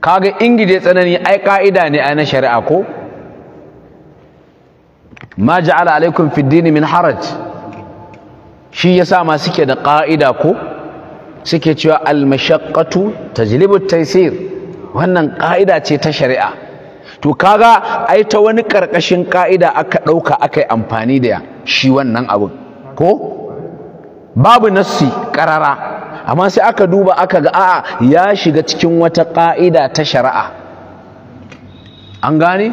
kaga ingije tsanani ai ƙa'ida ne a na shari'a ko ma ja'ala alaikum fid min haraj shi yasa ma suke da ƙa'ida ko suke cewa almashaqqatu tajlibu taysir wannan ƙa'ida ce ta shari'a to kaga ai ta wani karkashin ka'ida aka ɗauka aka yi amfani da shi wannan abin ko babu nassi karara amma sai aka duba aka ga a'a ya shiga cikin wata ka'ida ta shari'a an gane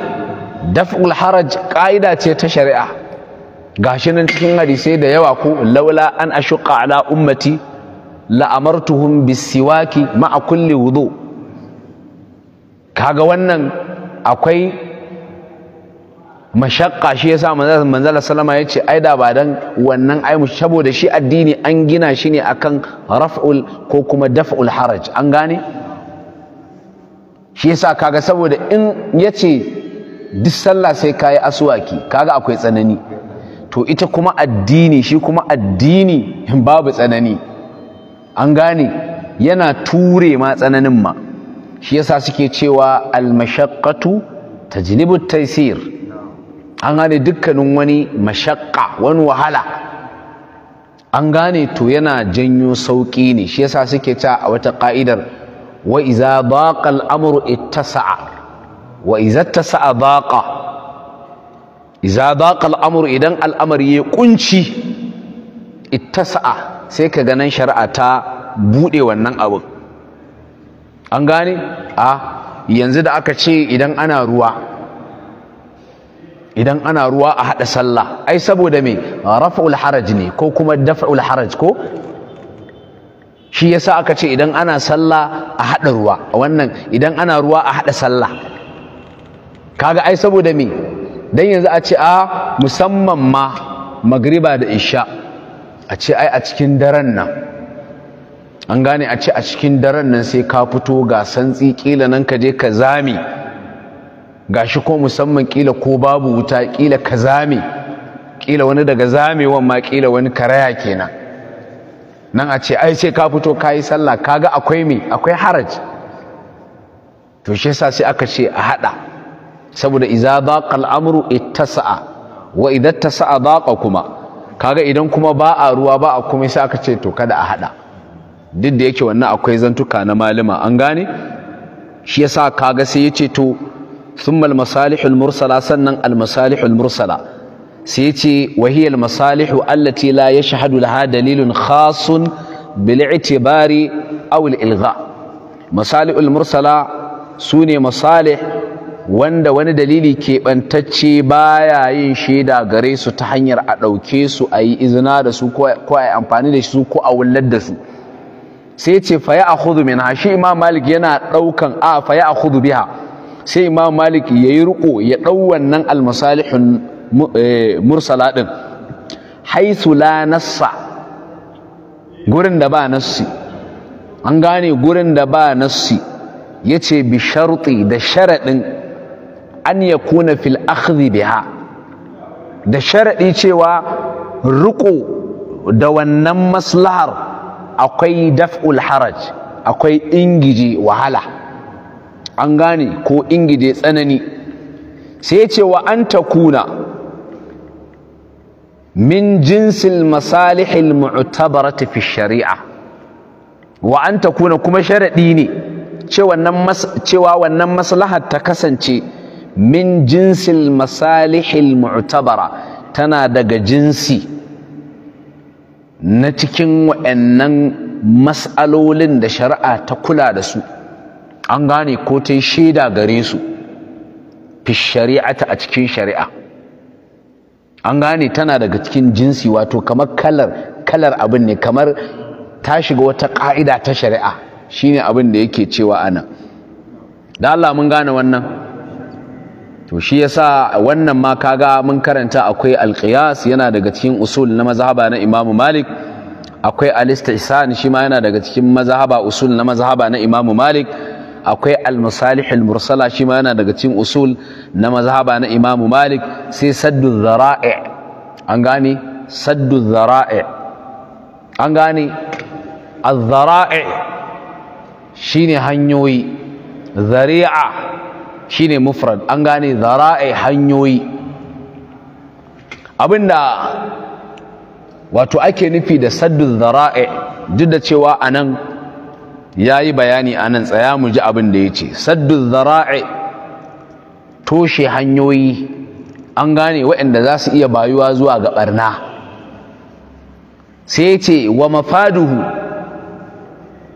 daf'ul haraj ƙa'ida ce ta shari'a gashi nan cikin hadisai da yawa ko laula an ashuqa ala ummati la'amartuhum bisiwaki ma'a kulli wudu kaga wannan akwai mashakka shi yasa manzala sallama ya ce ai da ba dan wannan ai mu. saboda shi addini an gina shi ne akan raf'ul ko kuma daf'ul haraj an gane shi yasa kaga saboda in yace duk sallah sai kayi aswaki kaga akwai tsanani to ita kuma addini shi kuma addini babu tsanani an gane yana ture ma tsananin ma shi yasa suke cewa almashaqqatu tajlibu taysir an gane dukkanin wani mashaqqa wani wahala an gane to yana janyo sauki ne shi yasa suke ta a wata ka'idar wa iza baqa al-amru ittasa'a wa iza ittasa'a baqa iza baqa al-amru idan al'amari ya kunci ittasa'a sai ka ganin shari'a ta buɗe wannan abin an gane a yanzu da aka ce idan ana ruwa idan ana ruwa a haɗa sallah ai saboda me rafa'ul haraj ne ko kuma dafa'ul haraj ko shi yasa aka ce idan ana sallah a haɗa ruwa wannan idan ana ruwa a haɗa sallah kaga ai saboda me dan yanzu a ce a musamman ma magriba da isha a ce ai a cikin daren nan an gane a ce a cikin daren nan sai ka fito ga santsi kila nan ka je ka zame gashi ko musamman kila ko babu wuta kila ka zame kila wani daga zamewan ma kila wani karaya kenan nan a ce ai sai ka fito ka yi sallah kaga akwai me akwai haraji to shi yasa sai aka ce a hada saboda idza daqa al-amru ittasa'a wa idza ittasa'a daqa kuma kaga idan kuma ba a ruwa ba a kuma sai aka ce to kada a hada duk da yake wannan akwai zantuka na malama an gane shi yasa kaga sai ya ce to thumma al-masalihul mursala sannan al-masalihul mursala sai ya ce wa hiya al-masalihu allati la yashhadu laha dalilun khasun bil i'tibari aw al-ilgha mursala sune masalih wanda wani dalili keɓantacce baya yin shaida gare su ta hanyar a ɗauke su a yi izina da su ko a yi amfani da su ko a wullar da su sai ce faya a hudu min ha shi imam malik yana ɗaukan a faya a hudu biha sai imam malik ya yi riƙo ya ɗau wannan almasalihun eh, mursala ɗin haisu la nassa gurin da ba nassi an gane gurin da ba nassi ya ce bi da sharaɗin an yakuna fil akhdhi biha da sharadi cewa riƙo da wannan maslahar akwai daf'ul haraj akwai ingije wahala an gane ko ingije tsanani sai ce wa an takuna min jinsil masalihil mu'tabarati fi shari'a wa an kuma sharadi ne cewa wannan maslahar ta kasance min jinsil masalihil mu'tabara tana daga jinsi na cikin wa'annan mas'alolin da shari'a ta kula da su an gane ko ta shaida gare su fi shari'ata a cikin shari'a an gane tana daga cikin jinsi wato kamar kalar kalar abin ne kamar ta shiga wata ƙa'ida ta shari'a shine abin da yake cewa ana da Allah mun gane wannan to shi yasa wannan ma kaga mun karanta akwai alqiyas yana daga cikin usul na mazhaba na Imam Malik akwai al-istihsan shi ma yana daga cikin mazhaba usul na mazhaba na Imam Malik akwai al-masalih al shi ma yana daga cikin usul na mazhaba na Imam Malik sai saddu dhara'i an gane saddu dhara'i an gane al-dhara'i shine hanyoyi zari'a shine mufrad an gane zara'i hanyoyi abinda wato ake nufi da saddu zara'i duk da cewa anan yayi bayani anan tsaya mu ji abin da yace saddu zara'i toshe hanyoyi an gane waɗanda za su iya bayuwa zuwa ga barna sai yace wa mafaduhu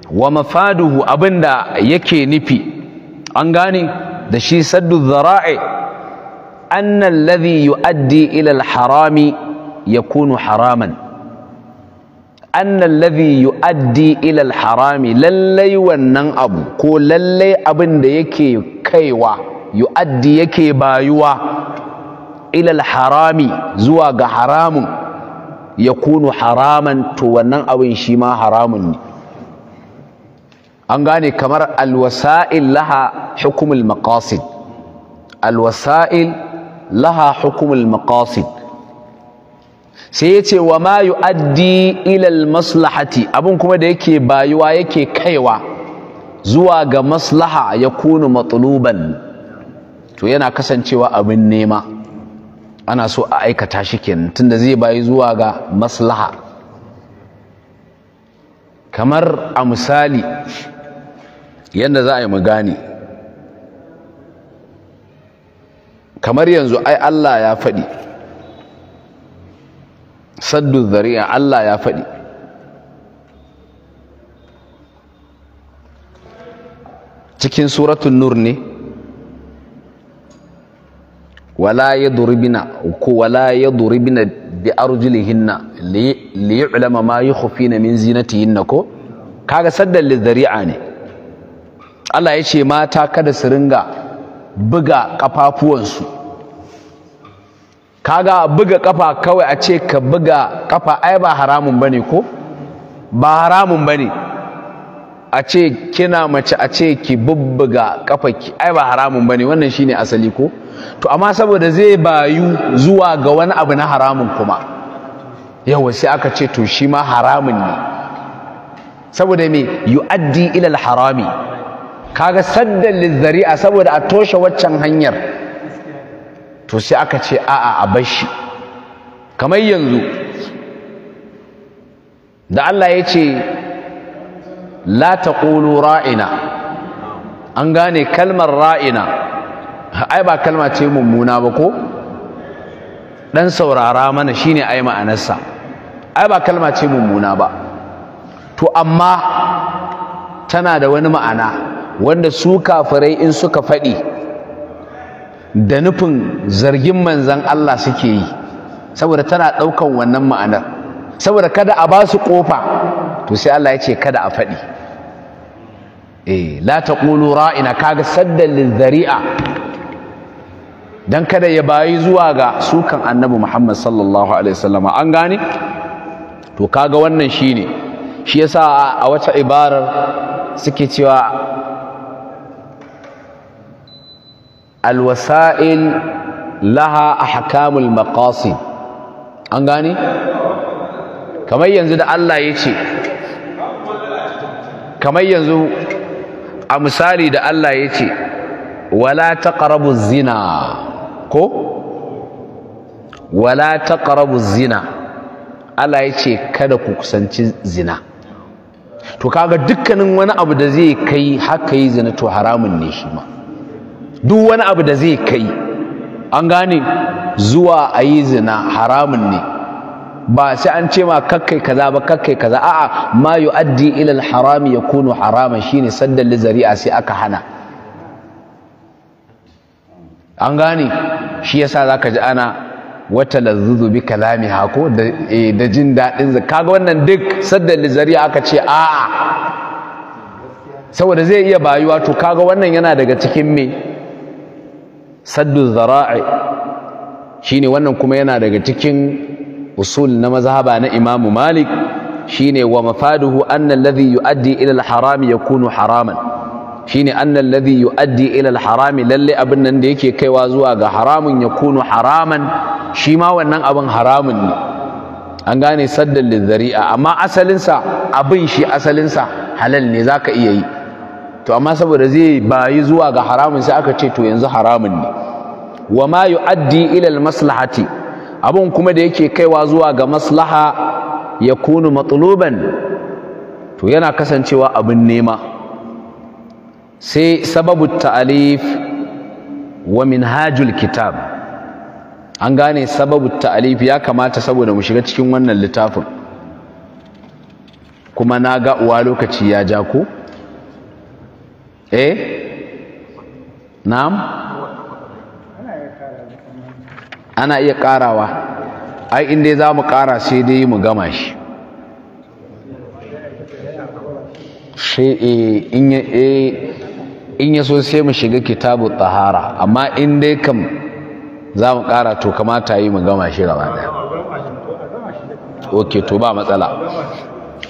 wa mafaduhu abinda yake nufi an gane دشي سد الذرائع أن الذي يؤدي إلى الحرام يكون حراما أن الذي يؤدي إلى الحرام للي ونن أبو كو للي أبن ديكي كيوا يؤدي يكي بايوا إلى الحرام زواج حرام يكون حراما تو ونن أبن شما حرام an gane kamar alwasa'il laha hukumul maqasid alwasa'il laha hukumul maqasid sai yace wa ma yuaddi ila almaslahati abun kuma da yake bayuwa yake kaiwa zuwa ga maslaha ya kunu matluban to yana kasancewa abin nema ana so a aikata shi kenan tunda zai bayi zuwa ga maslaha kamar a misali yadda za a yi mu gane kamar yanzu ai Allah ya faɗi saddu zari'a Allah ya faɗi cikin suratun nur ne wala yadribina ko wala yadribina bi hinna liyu ulama ma na min hinna ko kaga saddan lizari'a ne Allah ya ce mata kada su ringa buga kafafuwansu kaga buga kafa kawai a ce ka buga kafa ai ba haramun bane ko ba haramun bane a ce kina mace a ce ki bubbuga ki ai ba haramun bane wannan shine asali ko to amma saboda zai bayu zuwa ga wani abu na haramun kuma yawa sai aka ce to shi ma haramun ne saboda me yu'addi ila harami kaga saddan lizzari'a saboda a toshe waccan hanyar to sai aka ce a'a a bar shi kamar yanzu da Allah ya ce la taqulu ra'ina an gane kalmar ra'ina ai ba kalma ce mummuna ba ko dan saurara mana shine ai ma'anarsa ai ba kalma ce mummuna ba to amma tana da wani ma'ana wanda su kafirai in suka faɗi da nufin zargin manzan Allah suke yi saboda tana ɗaukan wannan ma'anar saboda kada a ba su ƙofa to sai Allah ya ce kada a faɗi eh la taqulu ra'ina kaga saddan lizari'a dan kada ya bayi zuwa ga sukan annabi Muhammad sallallahu alaihi wasallam an gane to kaga wannan shine shi yasa a wata ibarar suke cewa alwasa'il laha ahkamul maqasid an gane kamar yanzu da Allah ya ce kamar yanzu a misali da Allah ya ce wala taqrabu zina ko wala taqrabu zina Allah ya ce kada ku kusanci zina to kaga dukkanin wani abu da zai kai haka yi zina to haramun ne shi ma duk wani abu da zai kai an gane zuwa a yi zina haramun ne ba sai an ce ma kakkai kaza ba kakkai kaza a'a ma yu'addi ila al-haram yakunu harama shine saddan lizari'a sai aka hana an gane shi yasa zaka ji ana wata lazzuzu bi kalami hako da eh, da jin dadin ga wannan duk saddan lizari'a aka ce a'a saboda zai iya bayuwa to kaga wannan yana daga cikin me saddu zara'i shine wannan kuma yana daga cikin usul na mazhaba na Imam Malik shine wa mafaduhu anna alladhi yuaddi ila al-harami yakunu haraman shine anna alladhi yuaddi ila al-harami lalle abin nan da yake kaiwa zuwa ga haramun yakunu haraman shi ma wannan abin haramun ne an gane saddan lizari'a amma asalinsa abin shi asalinsa halal ne zaka iya yi to amma saboda zai bayi zuwa ga haramun sai aka ce to yanzu haramun ne wa ma yu'addi ila almaslahati maslahati abun kuma da yake kaiwa zuwa ga maslaha yakunu matluban to yana kasancewa abin nema sai sababu ta'alif wa minhajul kitab an gane sababu ta'alif ya kamata saboda mu shiga cikin wannan littafin kuma na ga uwa lokaci ya ja ko eh na'am ana iya karawa ai in dai za mu kara sai dai mu gama shi sai eh, eh, in ya so sai mu shiga kitabu tsahara amma in dai kam za mu kara to kamata yi mu gama shi gaba daya ok to ba matsala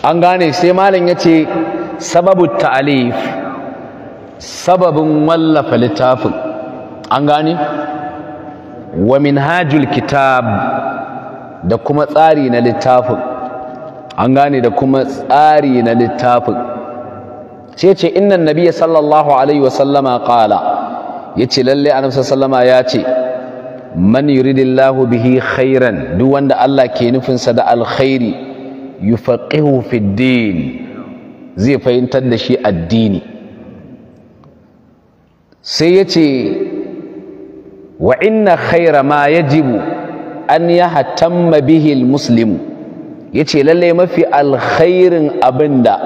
an gane sai malam ya ce sababu ta'alif sababin wallafa littafin an gane wa minhajul kitab da kuma tsari na littafin an gane da kuma tsari na littafin sai ce innan nabiyya sallallahu alaihi wa sallama qala yace lalle annabi sallama ya ce man yuridillahu bihi khairan duk wanda Allah ke nufinsa da alkhairi yufaqihu fid din zai fahimtar da shi addini sai ya ce wa inna khaira ma yajibu an ya hatamma bihil muslimu ya ce lallai mafi alkhairin abin da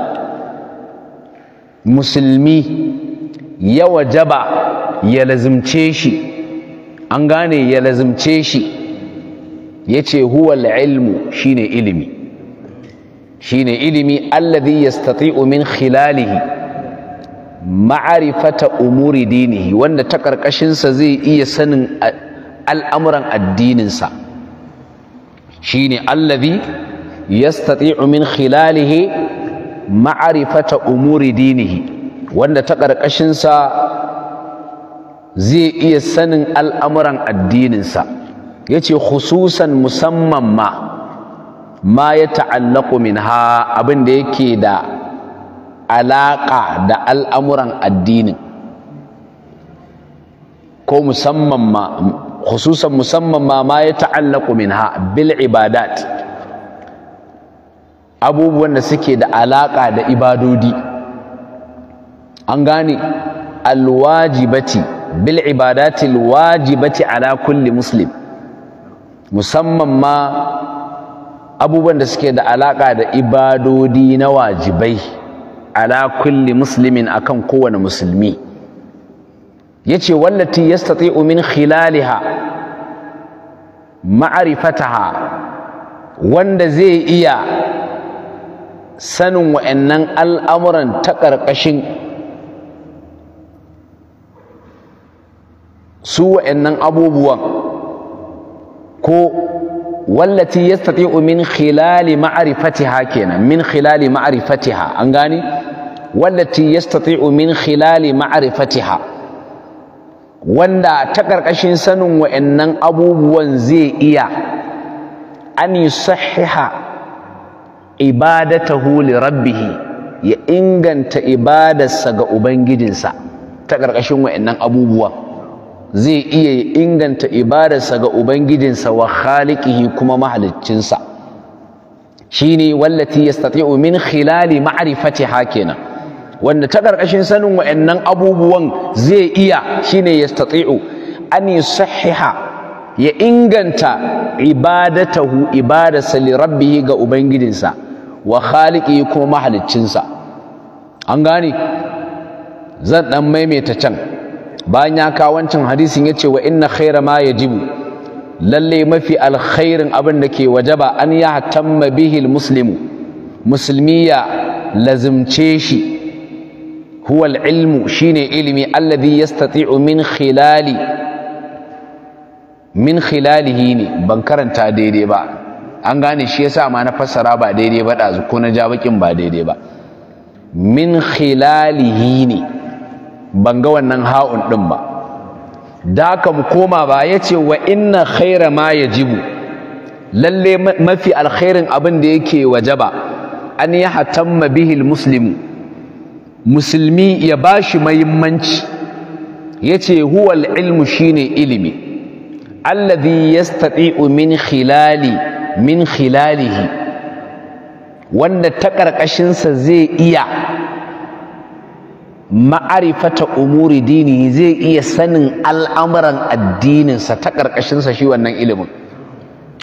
musulmi ya wajaba ya lazimce shi an gane ya lazimce shi ya ce huwal ilmu shine ilimi shine ilimi alladhi yastati'u min khilalihi ma'arifata umuri dinihi wanda ta ƙarƙashinsa zai iya sanin al'amuran addininsa shi ne allazi yastati'u min khilalihi ma'arifata umuri dinihi wanda ta ƙarƙashinsa zai iya sanin al'amuran addininsa ya ce khususan musamman ma ma ya ta'allaku min ha abin da yake da alaƙa da al'amuran addinin ko musamman ma khususan musamman ma ma ya ta'allaku ha? bil ibadat abubuwan da suke da alaƙa da ibadodi an gane alwajibati bil ibadati alwajibati ala kulli muslim musamman ma abubuwan da suke da alaƙa da ibadodi na wajibai ala kulli muslimin akan kowane musulmi yace wallati yastati'u min khilaliha ma'rifataha wanda zai iya sanin wa'annan al'amuran ta ƙarƙashin su wa'annan abubuwan ko wallati yastati'u min khilali ha kenan min khilali ha, an gane wallati yastati'u min khilali ha, wanda ta ƙarƙashin sanin wa'annan abubuwan zai iya an sahiha ibadata huli rabbihi ya inganta ibadarsa ga ubangijinsa ta karkashin wa'annan abubuwan zai iya inganta ibadarsa ga ubangijinsa wa khaliqihi kuma mahaliccinsa shine wallati yastati'u min khilali ma'rifatiha kenan wanda ta ƙarƙashin sanin wa'annan abubuwan zai iya shine yastati'u an yusahhiha ya inganta ibadatahu ibadarsa li rabbihi ga ubangijinsa wa khaliqi kuma mahaliccinsa an gane zan dan maimaita can bayan ya kawo wancan hadisin yace wa inna khaira ma yajibu lalle mafi alkhairin abin da ke wajaba an ya tamma bihi almuslimu musulmi ya lazimce shi huwa alilmu shine ilimi alladhi yastati'u min khilali min khilalihi ne ban karanta daidai ba an gane shi yasa ma na fassara ba daidai ba ɗazu ko na ja bakin ba daidai ba min khilalihi ne ban ga wannan ha'un ɗin ba da ka mu koma ba ya ce wa inna khaira ma ya jibu lalle mafi alkhairin abin da yake ba. an yi hatamma bihil muslimu musulmi ya ba shi mahimmanci ya ce huwal ilmu shine ilimi alladhi yastati'u min khilali min khilalihi wanda ta ƙarƙashinsa zai iya ma'arifata umuri dini zai iya sanin al'amuran addininsa ta ƙarƙashinsa shi wannan ilimin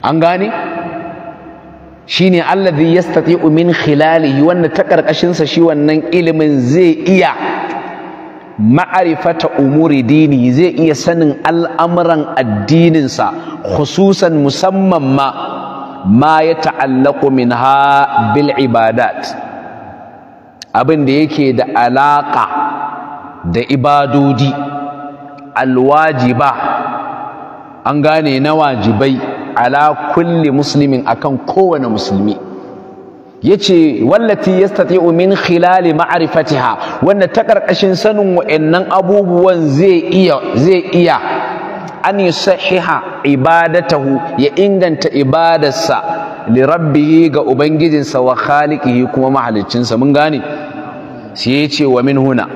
an gane shi ne yastati'u min khilalihi wanda ta ƙarƙashinsa shi wannan ilimin zai iya ma'arifata umuri dini zai iya sanin al'amuran addininsa khususan musamman ma ma ya ta'allaku min ha bil ibadat abin da yake da alaƙa da ibadodi alwajiba an gane na wajibai ala kulli muslimin akan kowane musulmi yace wallati yastati'u min khilali ma'rifatiha wanda ta karkashin sanin wa'annan abubuwan zai iya zai iya an sahiha ibadatahu ya inganta ibadarsa li rabbihi ga ubangijinsa wa khaliqihi kuma mahaliccinsa mun gane sai ya ce wa min huna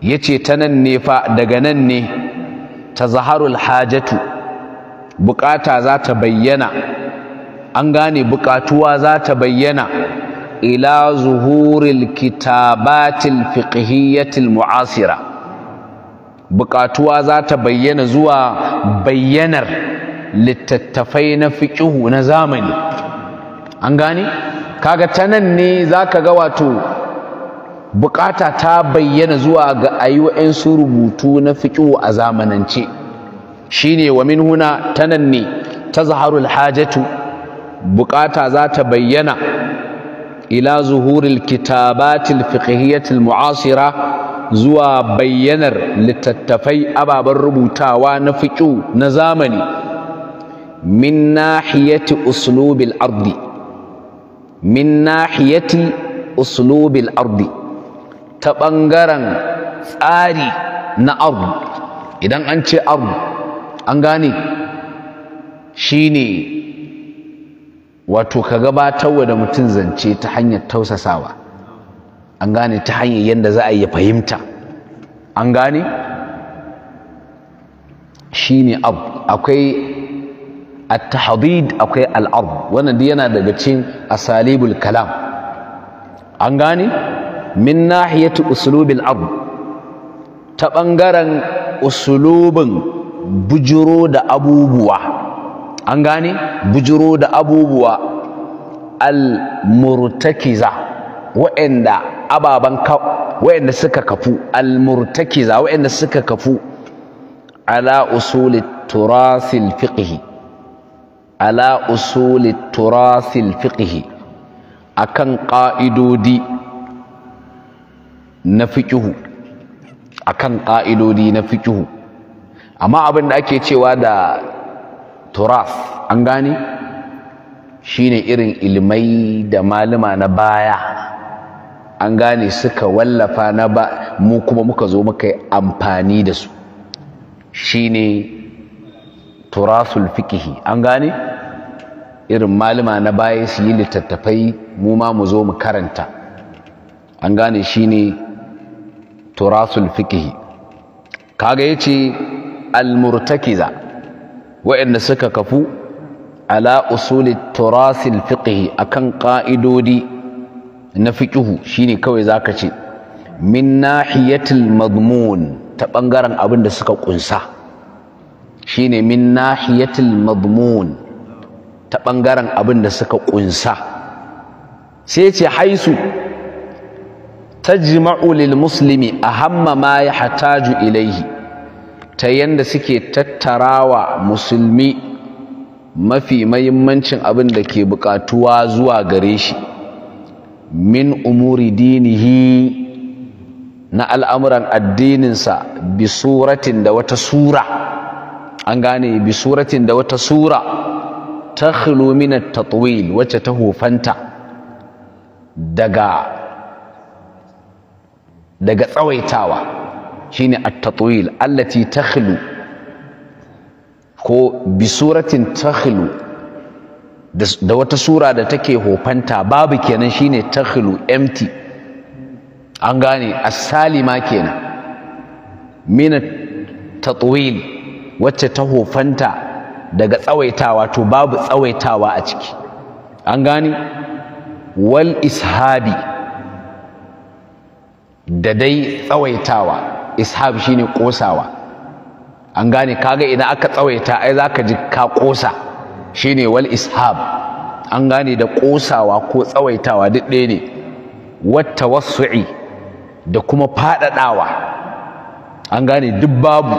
yace ta nan ne fa daga nan ne tazaharul hajatu bukata za ta bayyana an gane bukatuwa za ta bayyana ila zuhuril kitabatil fiqhiyatil mu'asira buƙatuwa za ta bayyana zuwa bayyanar littattafai na fiƙihu na zamani an gane kaga ta nan ne za ka ga wato buƙata ta bayyana zuwa ga ayi wa'insu rubutu na fiƙihu a zamanance shine wa minhuna ta nan ne ta zaharul hajatu buƙata za ta bayyana ila zuhuril kitabatil fiqhiyatil mu'asira zuwa bayyanar littattafai ababen rubutawa na fiƙu na zamani min nahiyati uslubil ardi min nahiyati uslubil ardi ta ɓangaren tsari na ardu idan an ce ardu an gane shine wato ka gabatarwa da mutum zance ta hanyar tausasawa an gane ta hanyar yadda za a yi fahimta an gane shi ne akwai at-tahdid akwai al wannan yana daga cikin asalibul kalam an gane min nahiyati uslubil ard ta bangaren usulubin bujuro da abubuwa an gane bujuro da abubuwa al-murtakiza waɗanda ababen waɗanda suka kafu almurtakiza waɗanda suka kafu ala usuli turasil fiqhi ala usuli turasil fiqhi akan ƙa'idodi na fiqhu akan ƙa'idodi na fiqhu amma abin da ake cewa da turas an gane shine irin ilmai da malama na baya an gane suka wallafa na ba mu kuma muka zo muka yi amfani da su shine turasul fikihi an gane irin malama na baya su yi littattafai mu ma mu zo mu karanta an gane shine turasul fikihi kaga yace almurtakiza wa'anda suka kafu ala usuli turasil fiqhi akan ƙa'idodi na fiqihu shine kawai zaka ce min nahiyatil madmun ta bangaren abin da suka kunsa shine min nahiyatil madmun ta bangaren abin da suka kunsa sai ce haisu tajma'u lil muslimi ahamma ma yahtaju ilayhi ta yanda suke tattarawa musulmi mafi mahimmancin abin da ke bukatuwa zuwa gare shi min umuri dinihi na al'amuran addininsa bi suratin da wata sura an gane bi suratin da wata sura ta khilomina tatwil wacce ta hofanta daga daga tsawaitawa shine at-tatwil allati takhlu ko bi suratin takhlu da wata sura da take hofanta babu kenan shine takhlu empty an gane as-salima kenan min tatwil wacce ta hofanta daga tsawaitawa to babu tsawaitawa a ciki an gane wal ishabi da dai tsawaitawa ishab shine kosawa an gane kaga idan aka tsawaita ai zaka ji ka kosa shine wal ishab an gane da kosawa ko tsawaitawa duk ɗaya ne wat tawassu'i da kuma faɗaɗawa an gane duk babu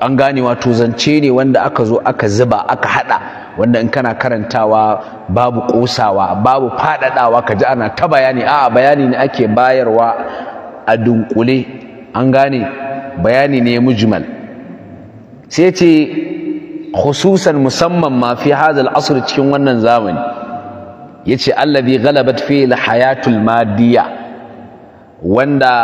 an gane wato zance ne wanda aka zo aka zuba aka haɗa wanda in kana karantawa babu kosawa babu faɗaɗawa ka ji ana ta bayani a'a bayani ne ake bayarwa a dunkule an gane bayani ne mujmal sai ce khususan musamman ma fi hadal asr cikin wannan zamani yace allazi ghalabat fi alhayatul madiya wanda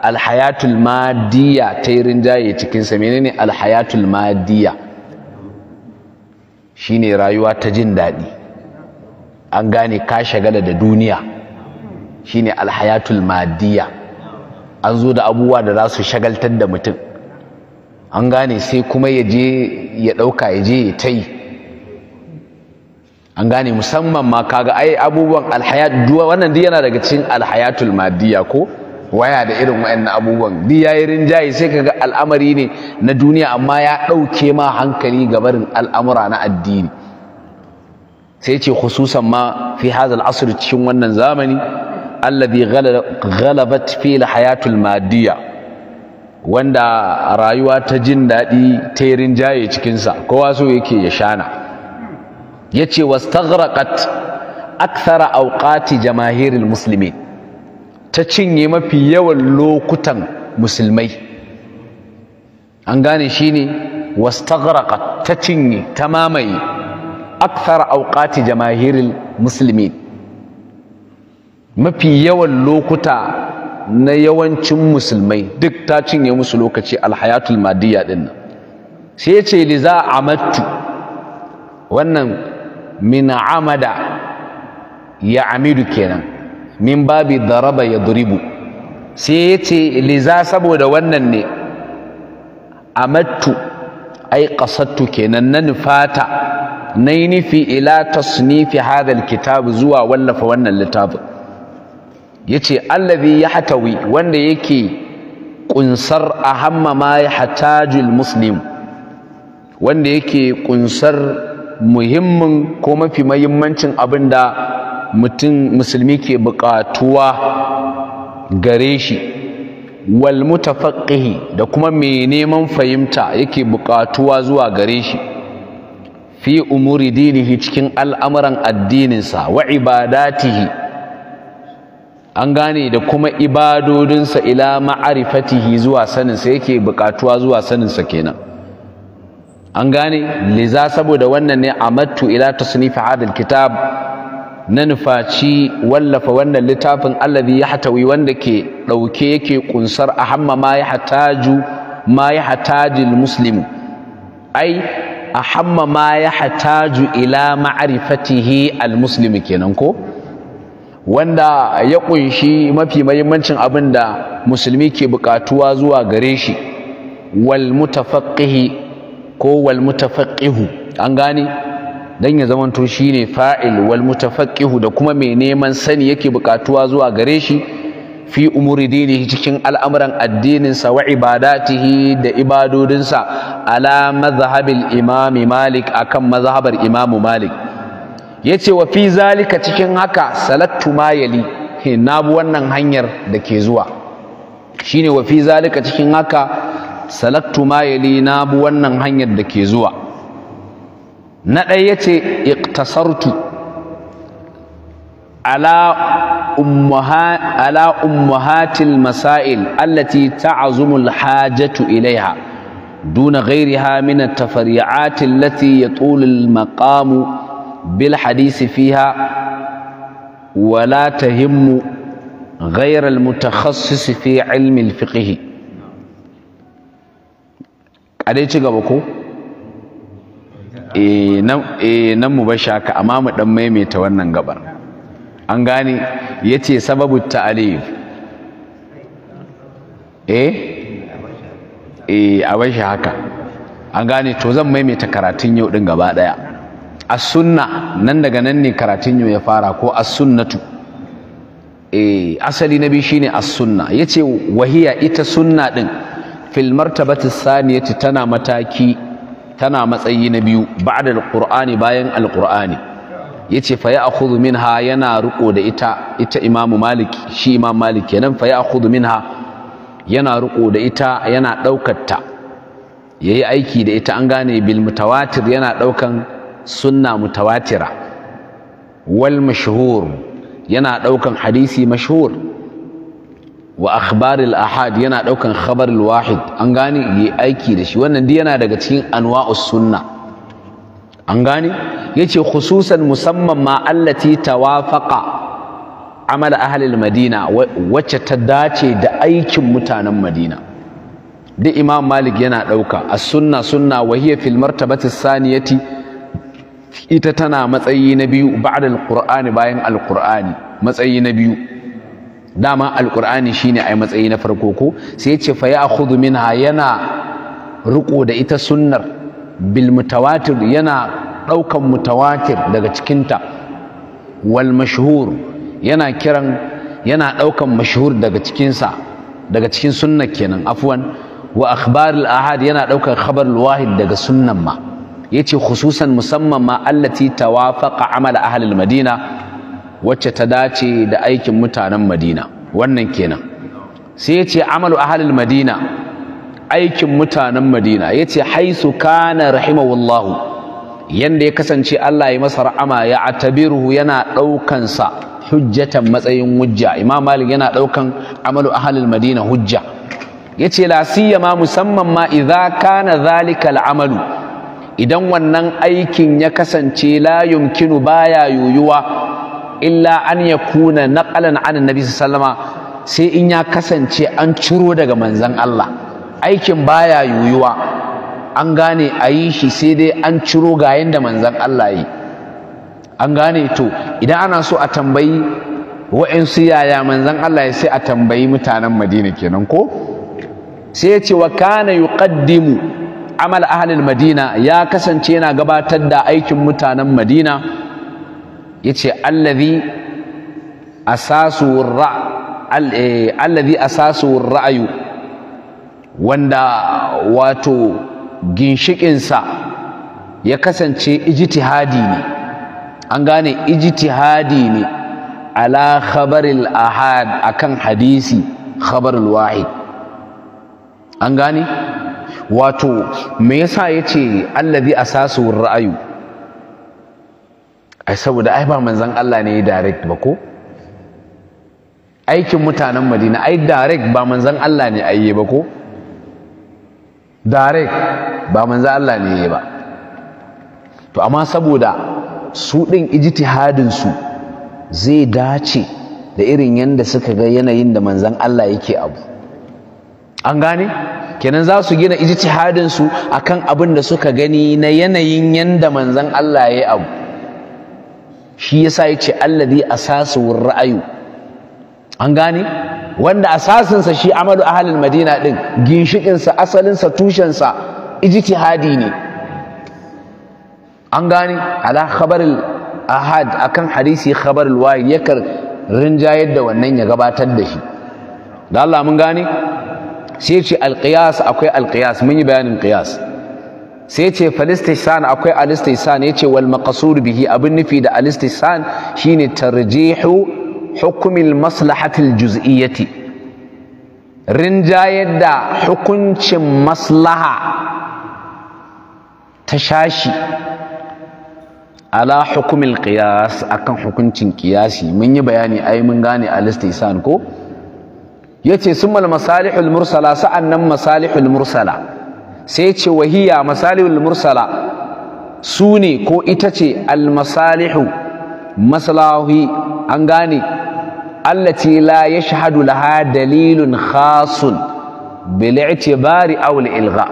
alhayatul madiya ta yi rinjaye cikin sa menene alhayatul madiya shine rayuwa ta jin daɗi an gane ka shagala da duniya shine alhayatul madiya an zo da abubuwa da za su shagaltar da mutum an gane sai kuma ya je ya ɗauka ya je ya ta yi an gane musamman ma kaga ai abubuwan alhayat duwa wannan duk yana daga cikin alhayatul madiya ko waya da irin wayannan abubuwan duk yayi rinjaye sai kaga al'amari ne na duniya amma ya ɗauke ma hankali ga barin al'amura na addini sai ce khususan ma fi hadha al'asr cikin wannan zamani alladhi ghalabat fi alhayatul madiyya wanda rayuwa ta jin daɗi ta yi rinjaye cikinsa kowa so yake ya shana ya ce wasu wastaghraqat aksara auƙati jamahirin musulmi ta cinye mafi yawan lokutan musulmai an gane shi ne wasu wastaghraqat ta cinye ta mamaye aksara auƙati jamahirin musulmi mafi yawan lokuta na yawancin musulmai duk ta cinye musu lokaci alhayatul madiyya din nan ce yace liza amattu wannan min amada ya amidu kenan min babi daraba ya duribu sai yace liza saboda wannan ne amattu ai kasattu kenan na nufata na yi nufi ila tasnifi hadha kitabu zuwa wallafa wannan littafin yace allazi yahtawi wanda yake kunsar ahamma ma yahtajul muslim wanda yake kunsar muhimmin ko mafi mahimmancin abinda mutum musulmi ke buƙatuwa gare shi wal mutafaqqihi da kuma mai neman fahimta yake buƙatuwa zuwa gare shi fi umuri dinihi cikin al'amuran addininsa wa ibadatihi an gane da kuma ibadodinsa ila ma'arifatihi zuwa saninsa yake bukatuwa zuwa saninsa kenan an gane liza saboda wannan ne amattu ila tasnifi hadal kitab na nufaci wallafa wannan littafin allazi ya hatawi wanda ke dauke yake ƙunsar ahamma ma ya hataju ma ya hatajil muslimu ai ahamma ma ya hataju ila ma'arifatihi al muslimu kenan ko wanda ya kunshi mafi mahimmancin abin da musulmi ke bukatuwa zuwa gare shi wal mutafaqqihi ko wal mutafaqqihu an gane dan ya zamanto shine fa'il wal mutafaqqihu da kuma mai neman sani yake bukatuwa zuwa gare shi fi umuri dinihi cikin al'amuran sa wa ibadatihi da ibadodinsa ala mazhabil imami malik akan mazhabar imamu malik yace wa fi zalika cikin haka salattu ma yali na wannan hanyar da ke zuwa shine wa fi zalika cikin haka salattu ma yali na bu wannan hanyar da ke zuwa na ɗaya yace iktasartu ala ala ummahatil masail allati ta'azumul hajatu ilaiha duna ghairiha min at-tafarri'at allati yatul al-maqamu bil hadisi fiha wala tahimmu ghayra al mutakhassis fi ilmi al fiqh adai ci ko eh, eh nan bashi haka amma mu dan maimaita wannan gabar an gane yace sababu eh eh a bashi haka an gane to zan maimaita karatun yau din gaba ɗaya. as-sunna nan daga nan ne karatun yau ya fara ko as-sunnatu eh asali nabi shine as-sunna yace wahiya ita sunna din fil martabati saniyati tana mataki tana matsayi na biyu ba'da al-qur'ani bayan al-qur'ani yace fa ya'khudhu minha yana ruko da ita ita imam malik shi imam malik kenan fa ya'khudhu minha yana ruko da ita yana daukar ta yayi aiki da ita an gane bil mutawatir yana ɗaukan. sunna mutawatira wal mashhur yana daukan hadisi mashhur wa akhbaril ahad yana daukan khabaril wahid an gane yi aiki da shi wannan duk yana daga cikin anwa'us sunna an gane yace khususan musamman ma allati tawafaqa amal ahlil madina wacce ta dace da aikin mutanen madina duk imam malik yana ɗauka as sunna sunna wa hiya fil martabati saniyati ita tana matsayi na biyu ba'da alqur'ani bayan alqur'ani matsayi na biyu dama alqur'ani shine ai matsayi na farko ko sai ya ce fa ya'khudhu minha yana riko da ita sunnar bil mutawatir yana daukan mutawatir daga cikinta wal mashhur yana kiran yana daukan mashhur daga cikinsa daga cikin sunnar kenan afwan wa akhbar al ahad yana daukan khabar al wahid daga sunnan ma yace khususan musamman ma allati tawafaqa amala ahlil madina wacce ta dace da aikin mutanen madina wannan kenan sai yace amalu ahlil madina aikin mutanen madina yace haisu kana rahimahullahu yanda ya kasance Allah ya masa rahama ya atabiruhu yana daukan sa hujjatan matsayin hujja imam malik yana daukan amalu ahlil madina hujja yace la siyama musamman ma idza kana zalika al amalu idan wannan aikin ya kasance la yumkinu baya yuyuwa illa an yakuna naqalan an annabi sallama sai in ya kasance an ciro daga manzon Allah aikin baya yuyuwa an gane ayi shi sai dai an ciro ga yanda manzon Allah yi an gane to idan ana so a tambayi wa'insu yaya manzan Allah ya sai a tambayi mutanen Madina kenan ko sai ya ce wa kana yuqaddimu amal ahlil madina ya kasance yana gabatar da aikin mutanen madina yace allazi asasu ra eh, allazi ra'ayu wanda wato ginshikinsa ya kasance ijtihadi ne an gane ijtihadi ne ala khabaril ahad akan hadisi khabarul wahid an gane wato me yasa yace allazi asasu ra'ayu ai saboda ai ba manzon Allah ne direct ba ko aikin mutanen Madina ai direct ba manzon Allah ne ayye ba ko direct ba manzon Allah ne ba to amma saboda su din ijtihadin su zai dace da irin yanda suka ga yanayin da manzon Allah yake abu an gane kenan za su gina ijtihadin su akan abin da suka gani na yanayin yanda manzon Allah ya yi abu shi yasa yace allazi asasu ra'ayu an gane wanda asasinsa shi a ahalin madina din ginshikinsa asalinsa tushensa ijtihadi ne an gane ala khabaril ahad akan hadisi khabaril wahid yakar rinjayar da wannan ya gabatar da shi da Allah mun gane sai ce alƙiyas akwai alƙiyas mun yi bayanin ƙiyas sai ce falistisan akwai alistisan ya ce wal maqsur bihi abin nufi da shi shine tarjihu hukumil maslahatil juz'iyyati rinjayar da hukuncin maslaha ta shashi ala hukumil qiyas akan hukuncin qiyasi mun yi bayani ai mun gane alistisan ko yace summal masalihul mursala sa'annan masalihul mursala sai yace wahiya masalihul mursala sune ko ita ce al masalihu maslahi an gane allati la yashhadu laha dalilun khasun bil i'tibari aw al ilgha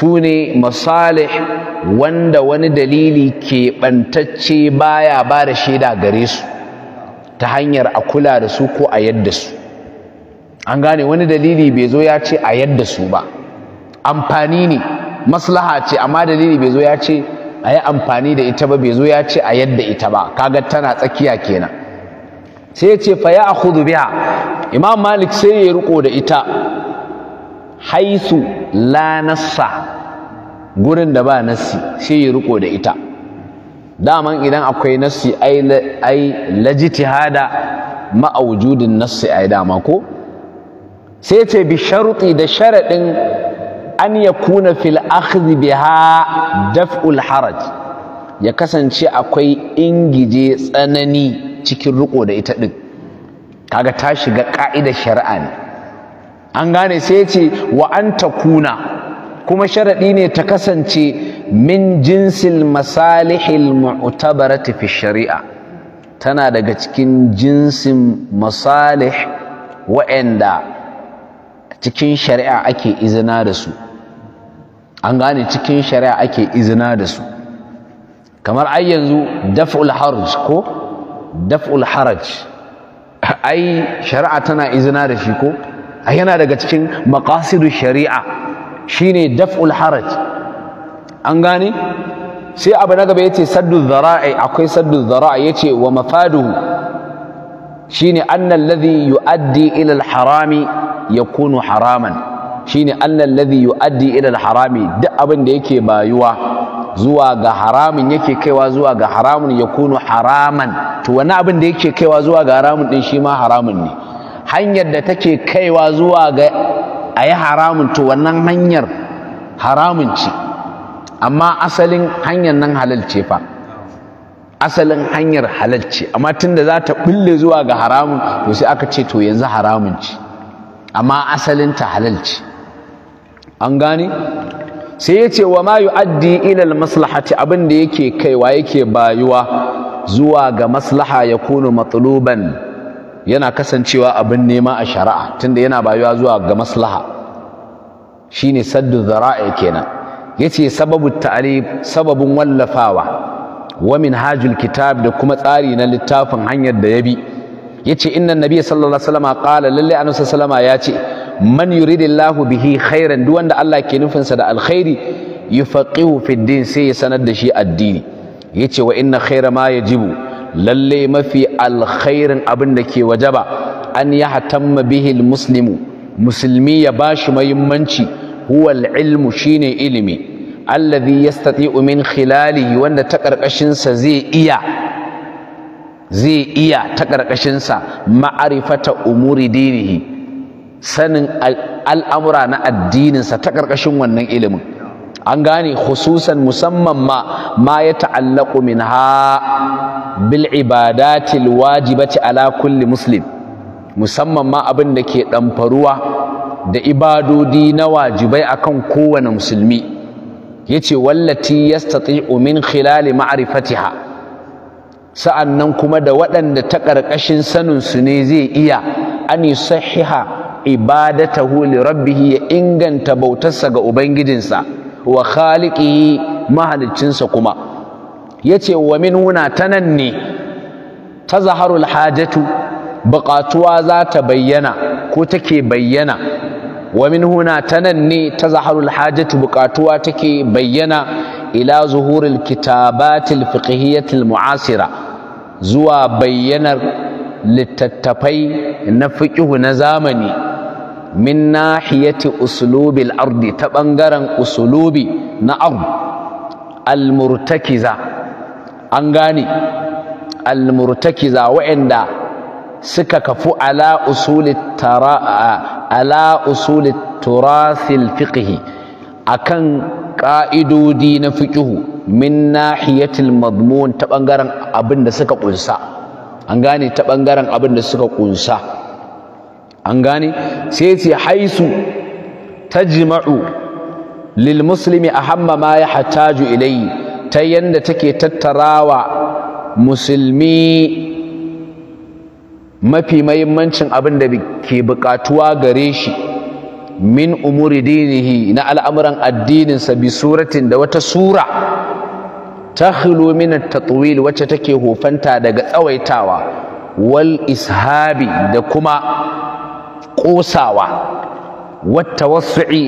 sune masalih wanda wani dalili ke keɓantacce baya ba da shaida gare su ta hanyar a kula da su ko a yadda su an gane wani dalili bai zo ya ce a yadda su ba amfani ne maslaha ce amma dalili bai zo ya ce a yi amfani da ita ba bai zo ya ce a yadda ita ba kaga tana tsakiya kenan sai ya ce faya a hudu biya imam malik sai ya riko da ita haisu la gurin da ba nassi sai ya riko da ita daman idan akwai nassi ai lajitihada ma'aujudin nassi ai dama ko sai ce bi sharuɗi da sharaɗin an ya kuna fil akhdhi biha daf'ul haraj ya kasance akwai ingije tsanani cikin riko da ita din kaga ta shiga ka'idar shari'a ne an gane sai ce wa an takuna kuma sharaɗi ne ta kasance min jinsil masalihil mu'tabarati fi shari'a tana daga cikin jinsin masalih wa'anda cikin shari'a ake izina da su an gane cikin shari'a ake izina da su kamar ai yanzu daf'ul haraj ko daf'ul haraj ai shari'a tana izina da shi ko ai yana daga cikin maqasidu shari'a shine daf'ul haraj an gane sai abu na gaba yace saddu dhara'i akwai saddu dhara'i yace wa mafaduhu shine anna alladhi yuaddi ila alharami yakunu haraman shine anna alladhi yuaddi ila alharami duk abin da yake bayuwa zuwa ga haramin yake kaiwa zuwa ga haramun yakunu haraman to wani abin da yake kaiwa zuwa ga haramun din shi ma haramun ne hanyar da take kaiwa zuwa ga ayi haramun to wannan hanyar haramun ce amma asalin hanyar nan halal ce fa asalin hanyar halal ce amma tunda za ta bulle zuwa ga haramun to sai aka ce to yanzu haramun ce amma asalin ta halal ce an gane sai ya ce wa ma yu'addi ila maslahati abin da yake kaiwa yake bayuwa zuwa ga maslaha ya kunu matluban yana kasancewa abin nema a shari'a tunda yana bayuwa zuwa ga maslaha shine saddu zara'a kenan yace sababu ta'rib sababun wallafawa wa minhajul kitab da kuma tsari na littafin hanyar da ya bi yace innan nabiy sallallahu alaihi wasallam qala lalle annabi sallallahu alaihi wasallam yace man yuridillahu bihi khairan duk wanda Allah ke nufin sa da alkhairi yufaqihu fi din sai ya sanar da shi addini yace wa inna khaira ma jibu? Lallai mafi alkhairin abin da ke wajaba an yahtamma bihi almuslimu musulmi ya bashi muhimmanci Huwal alilmu shine ilimi allazi yastati'u min khilali wanda ta karkashin zai iya zai iya ta ƙarƙashinsa sa ma'arifata umuri dinihi sanin al'amura na addininsa ta karkashin wannan ilimin an gane khususan musamman ma ma ya ta'allaqu minha bil ibadatil wajibati ala kulli muslim musamman ma abin da ke ɗamfaruwa da ibadodi na wajibai akan kowane musulmi yace wallati yastati'u min khilali ma'rifatiha sa'annan kuma da waɗanda ta ƙarƙashin sanin su ne zai iya an yusahiha ibadatahu li rabbih ya inganta bautarsa ga ubangijinsa wa khaliqihi mahaliccinsa kuma yace wa min huna tanan ne tazaharul hajatu buƙatuwa za ta bayyana ko take bayyana wa min ta nan ne ta zaharul hajatu bukatuwa take bayyana ila zuhuril kitabatil fiqhiyatil mu'asira zuwa bayyanar littattafai na fiqhu na zamani min nahiyati uslubil ardi ta ɓangaren uslubi na ard an gane al murtakiza suka kafu ala usulit tara ala usulit turasil fiqhi akan ka'idodi na fiqhu min nahiyatil madmun ta bangaren abin da suka kunsa an gane ta bangaren abin da suka kunsa an gane sai ce haisu tajma'u lil muslimi ahamma ma yahtaju ilayhi ta yanda take tattarawa musulmi mafi mahimmancin abin da ke buƙatuwa gare shi min umuri dinihi na al'amuran addininsa bi suratin da wata sura ta min tatwil wacce take hofanta daga tsawaitawa wal ishabi da kuma ƙosawa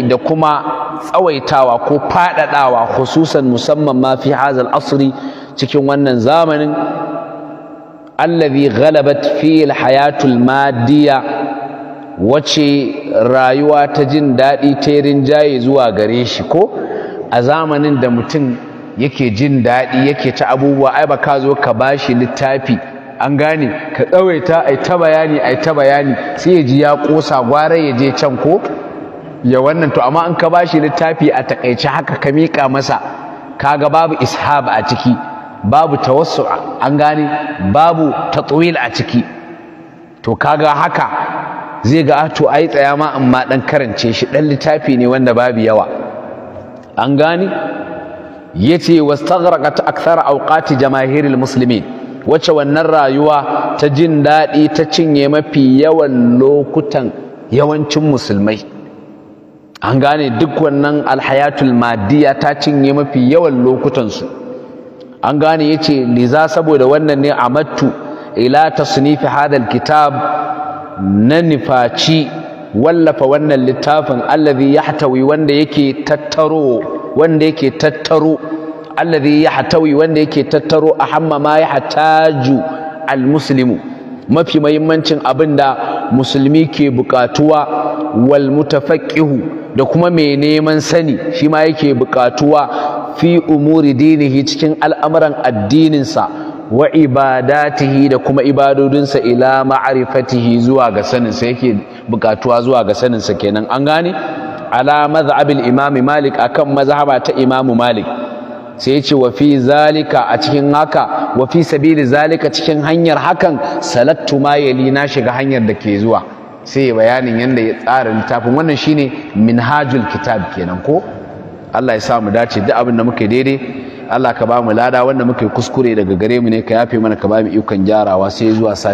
da kuma tsawaitawa ko faɗaɗawa hususan musamman ma fi hazal asri cikin wannan zamanin allazi ghalabat fi alhayatul madiya wace rayuwa ta jin daɗi ta rinjaye zuwa gare shi ko a zamanin da mutum yake jin daɗi yake ta abubuwa ai ba ka zo ka bashi littafi an gane ka tsawaita ai ta bayani ai ta bayani sai ya ji ya ƙosa gwara ya je can ko ya wannan to amma an ka bashi littafi a takaice haka ka miƙa masa kaga babu ishab a ciki babu tawassu'a an gane babu tatwil a ciki to kaga haka zai ga ah, to ai tsaya ma amma dan karance shi dan littafi ne wanda babu yawa an gane yace wastaghraqat akthar awqati jamaahiril muslimin wacce wannan rayuwa ta jin daɗi ta cinye mafi yawan lokutan yawancin musulmai an gane duk wannan alhayatul madiya ta cinye mafi yawan lokutansu an gane yace liza saboda wannan ne amattu ila tasnifi hadal kitab na nifaci wallafa wannan littafin allazi yahtawi wanda yake tattaro wanda yake tattaro allazi yahtawi wanda yake tattaro ahamma ma almuslimu mafi mahimmancin abin da musulmi ke bukatuwa wal mutafaqihu da kuma mai neman sani shi ma yake bukatuwa fi umuri dinihi cikin al'amuran addininsa wa ibadatihi da kuma ibadodinsa ila ma'arifatihi zuwa ga saninsa yake bukatuwa zuwa ga saninsa kenan an gane ala mazhabil imami malik a akan mazhaba ta imamu malik sai ce wa fi zalika a cikin haka wa fi sabili zalika cikin hanyar hakan salattu ma yali na shiga hanyar da ke zuwa sai bayanin yanda ya tsara littafin wannan shine minhajul kitab kenan ko Allah ya sa mu dace duk abin da muke daidai Allah ka ba mu lada wanda muke kuskure daga gare mu ne ka yafe mana ka ba mu ikon gyarawa sai zuwa sati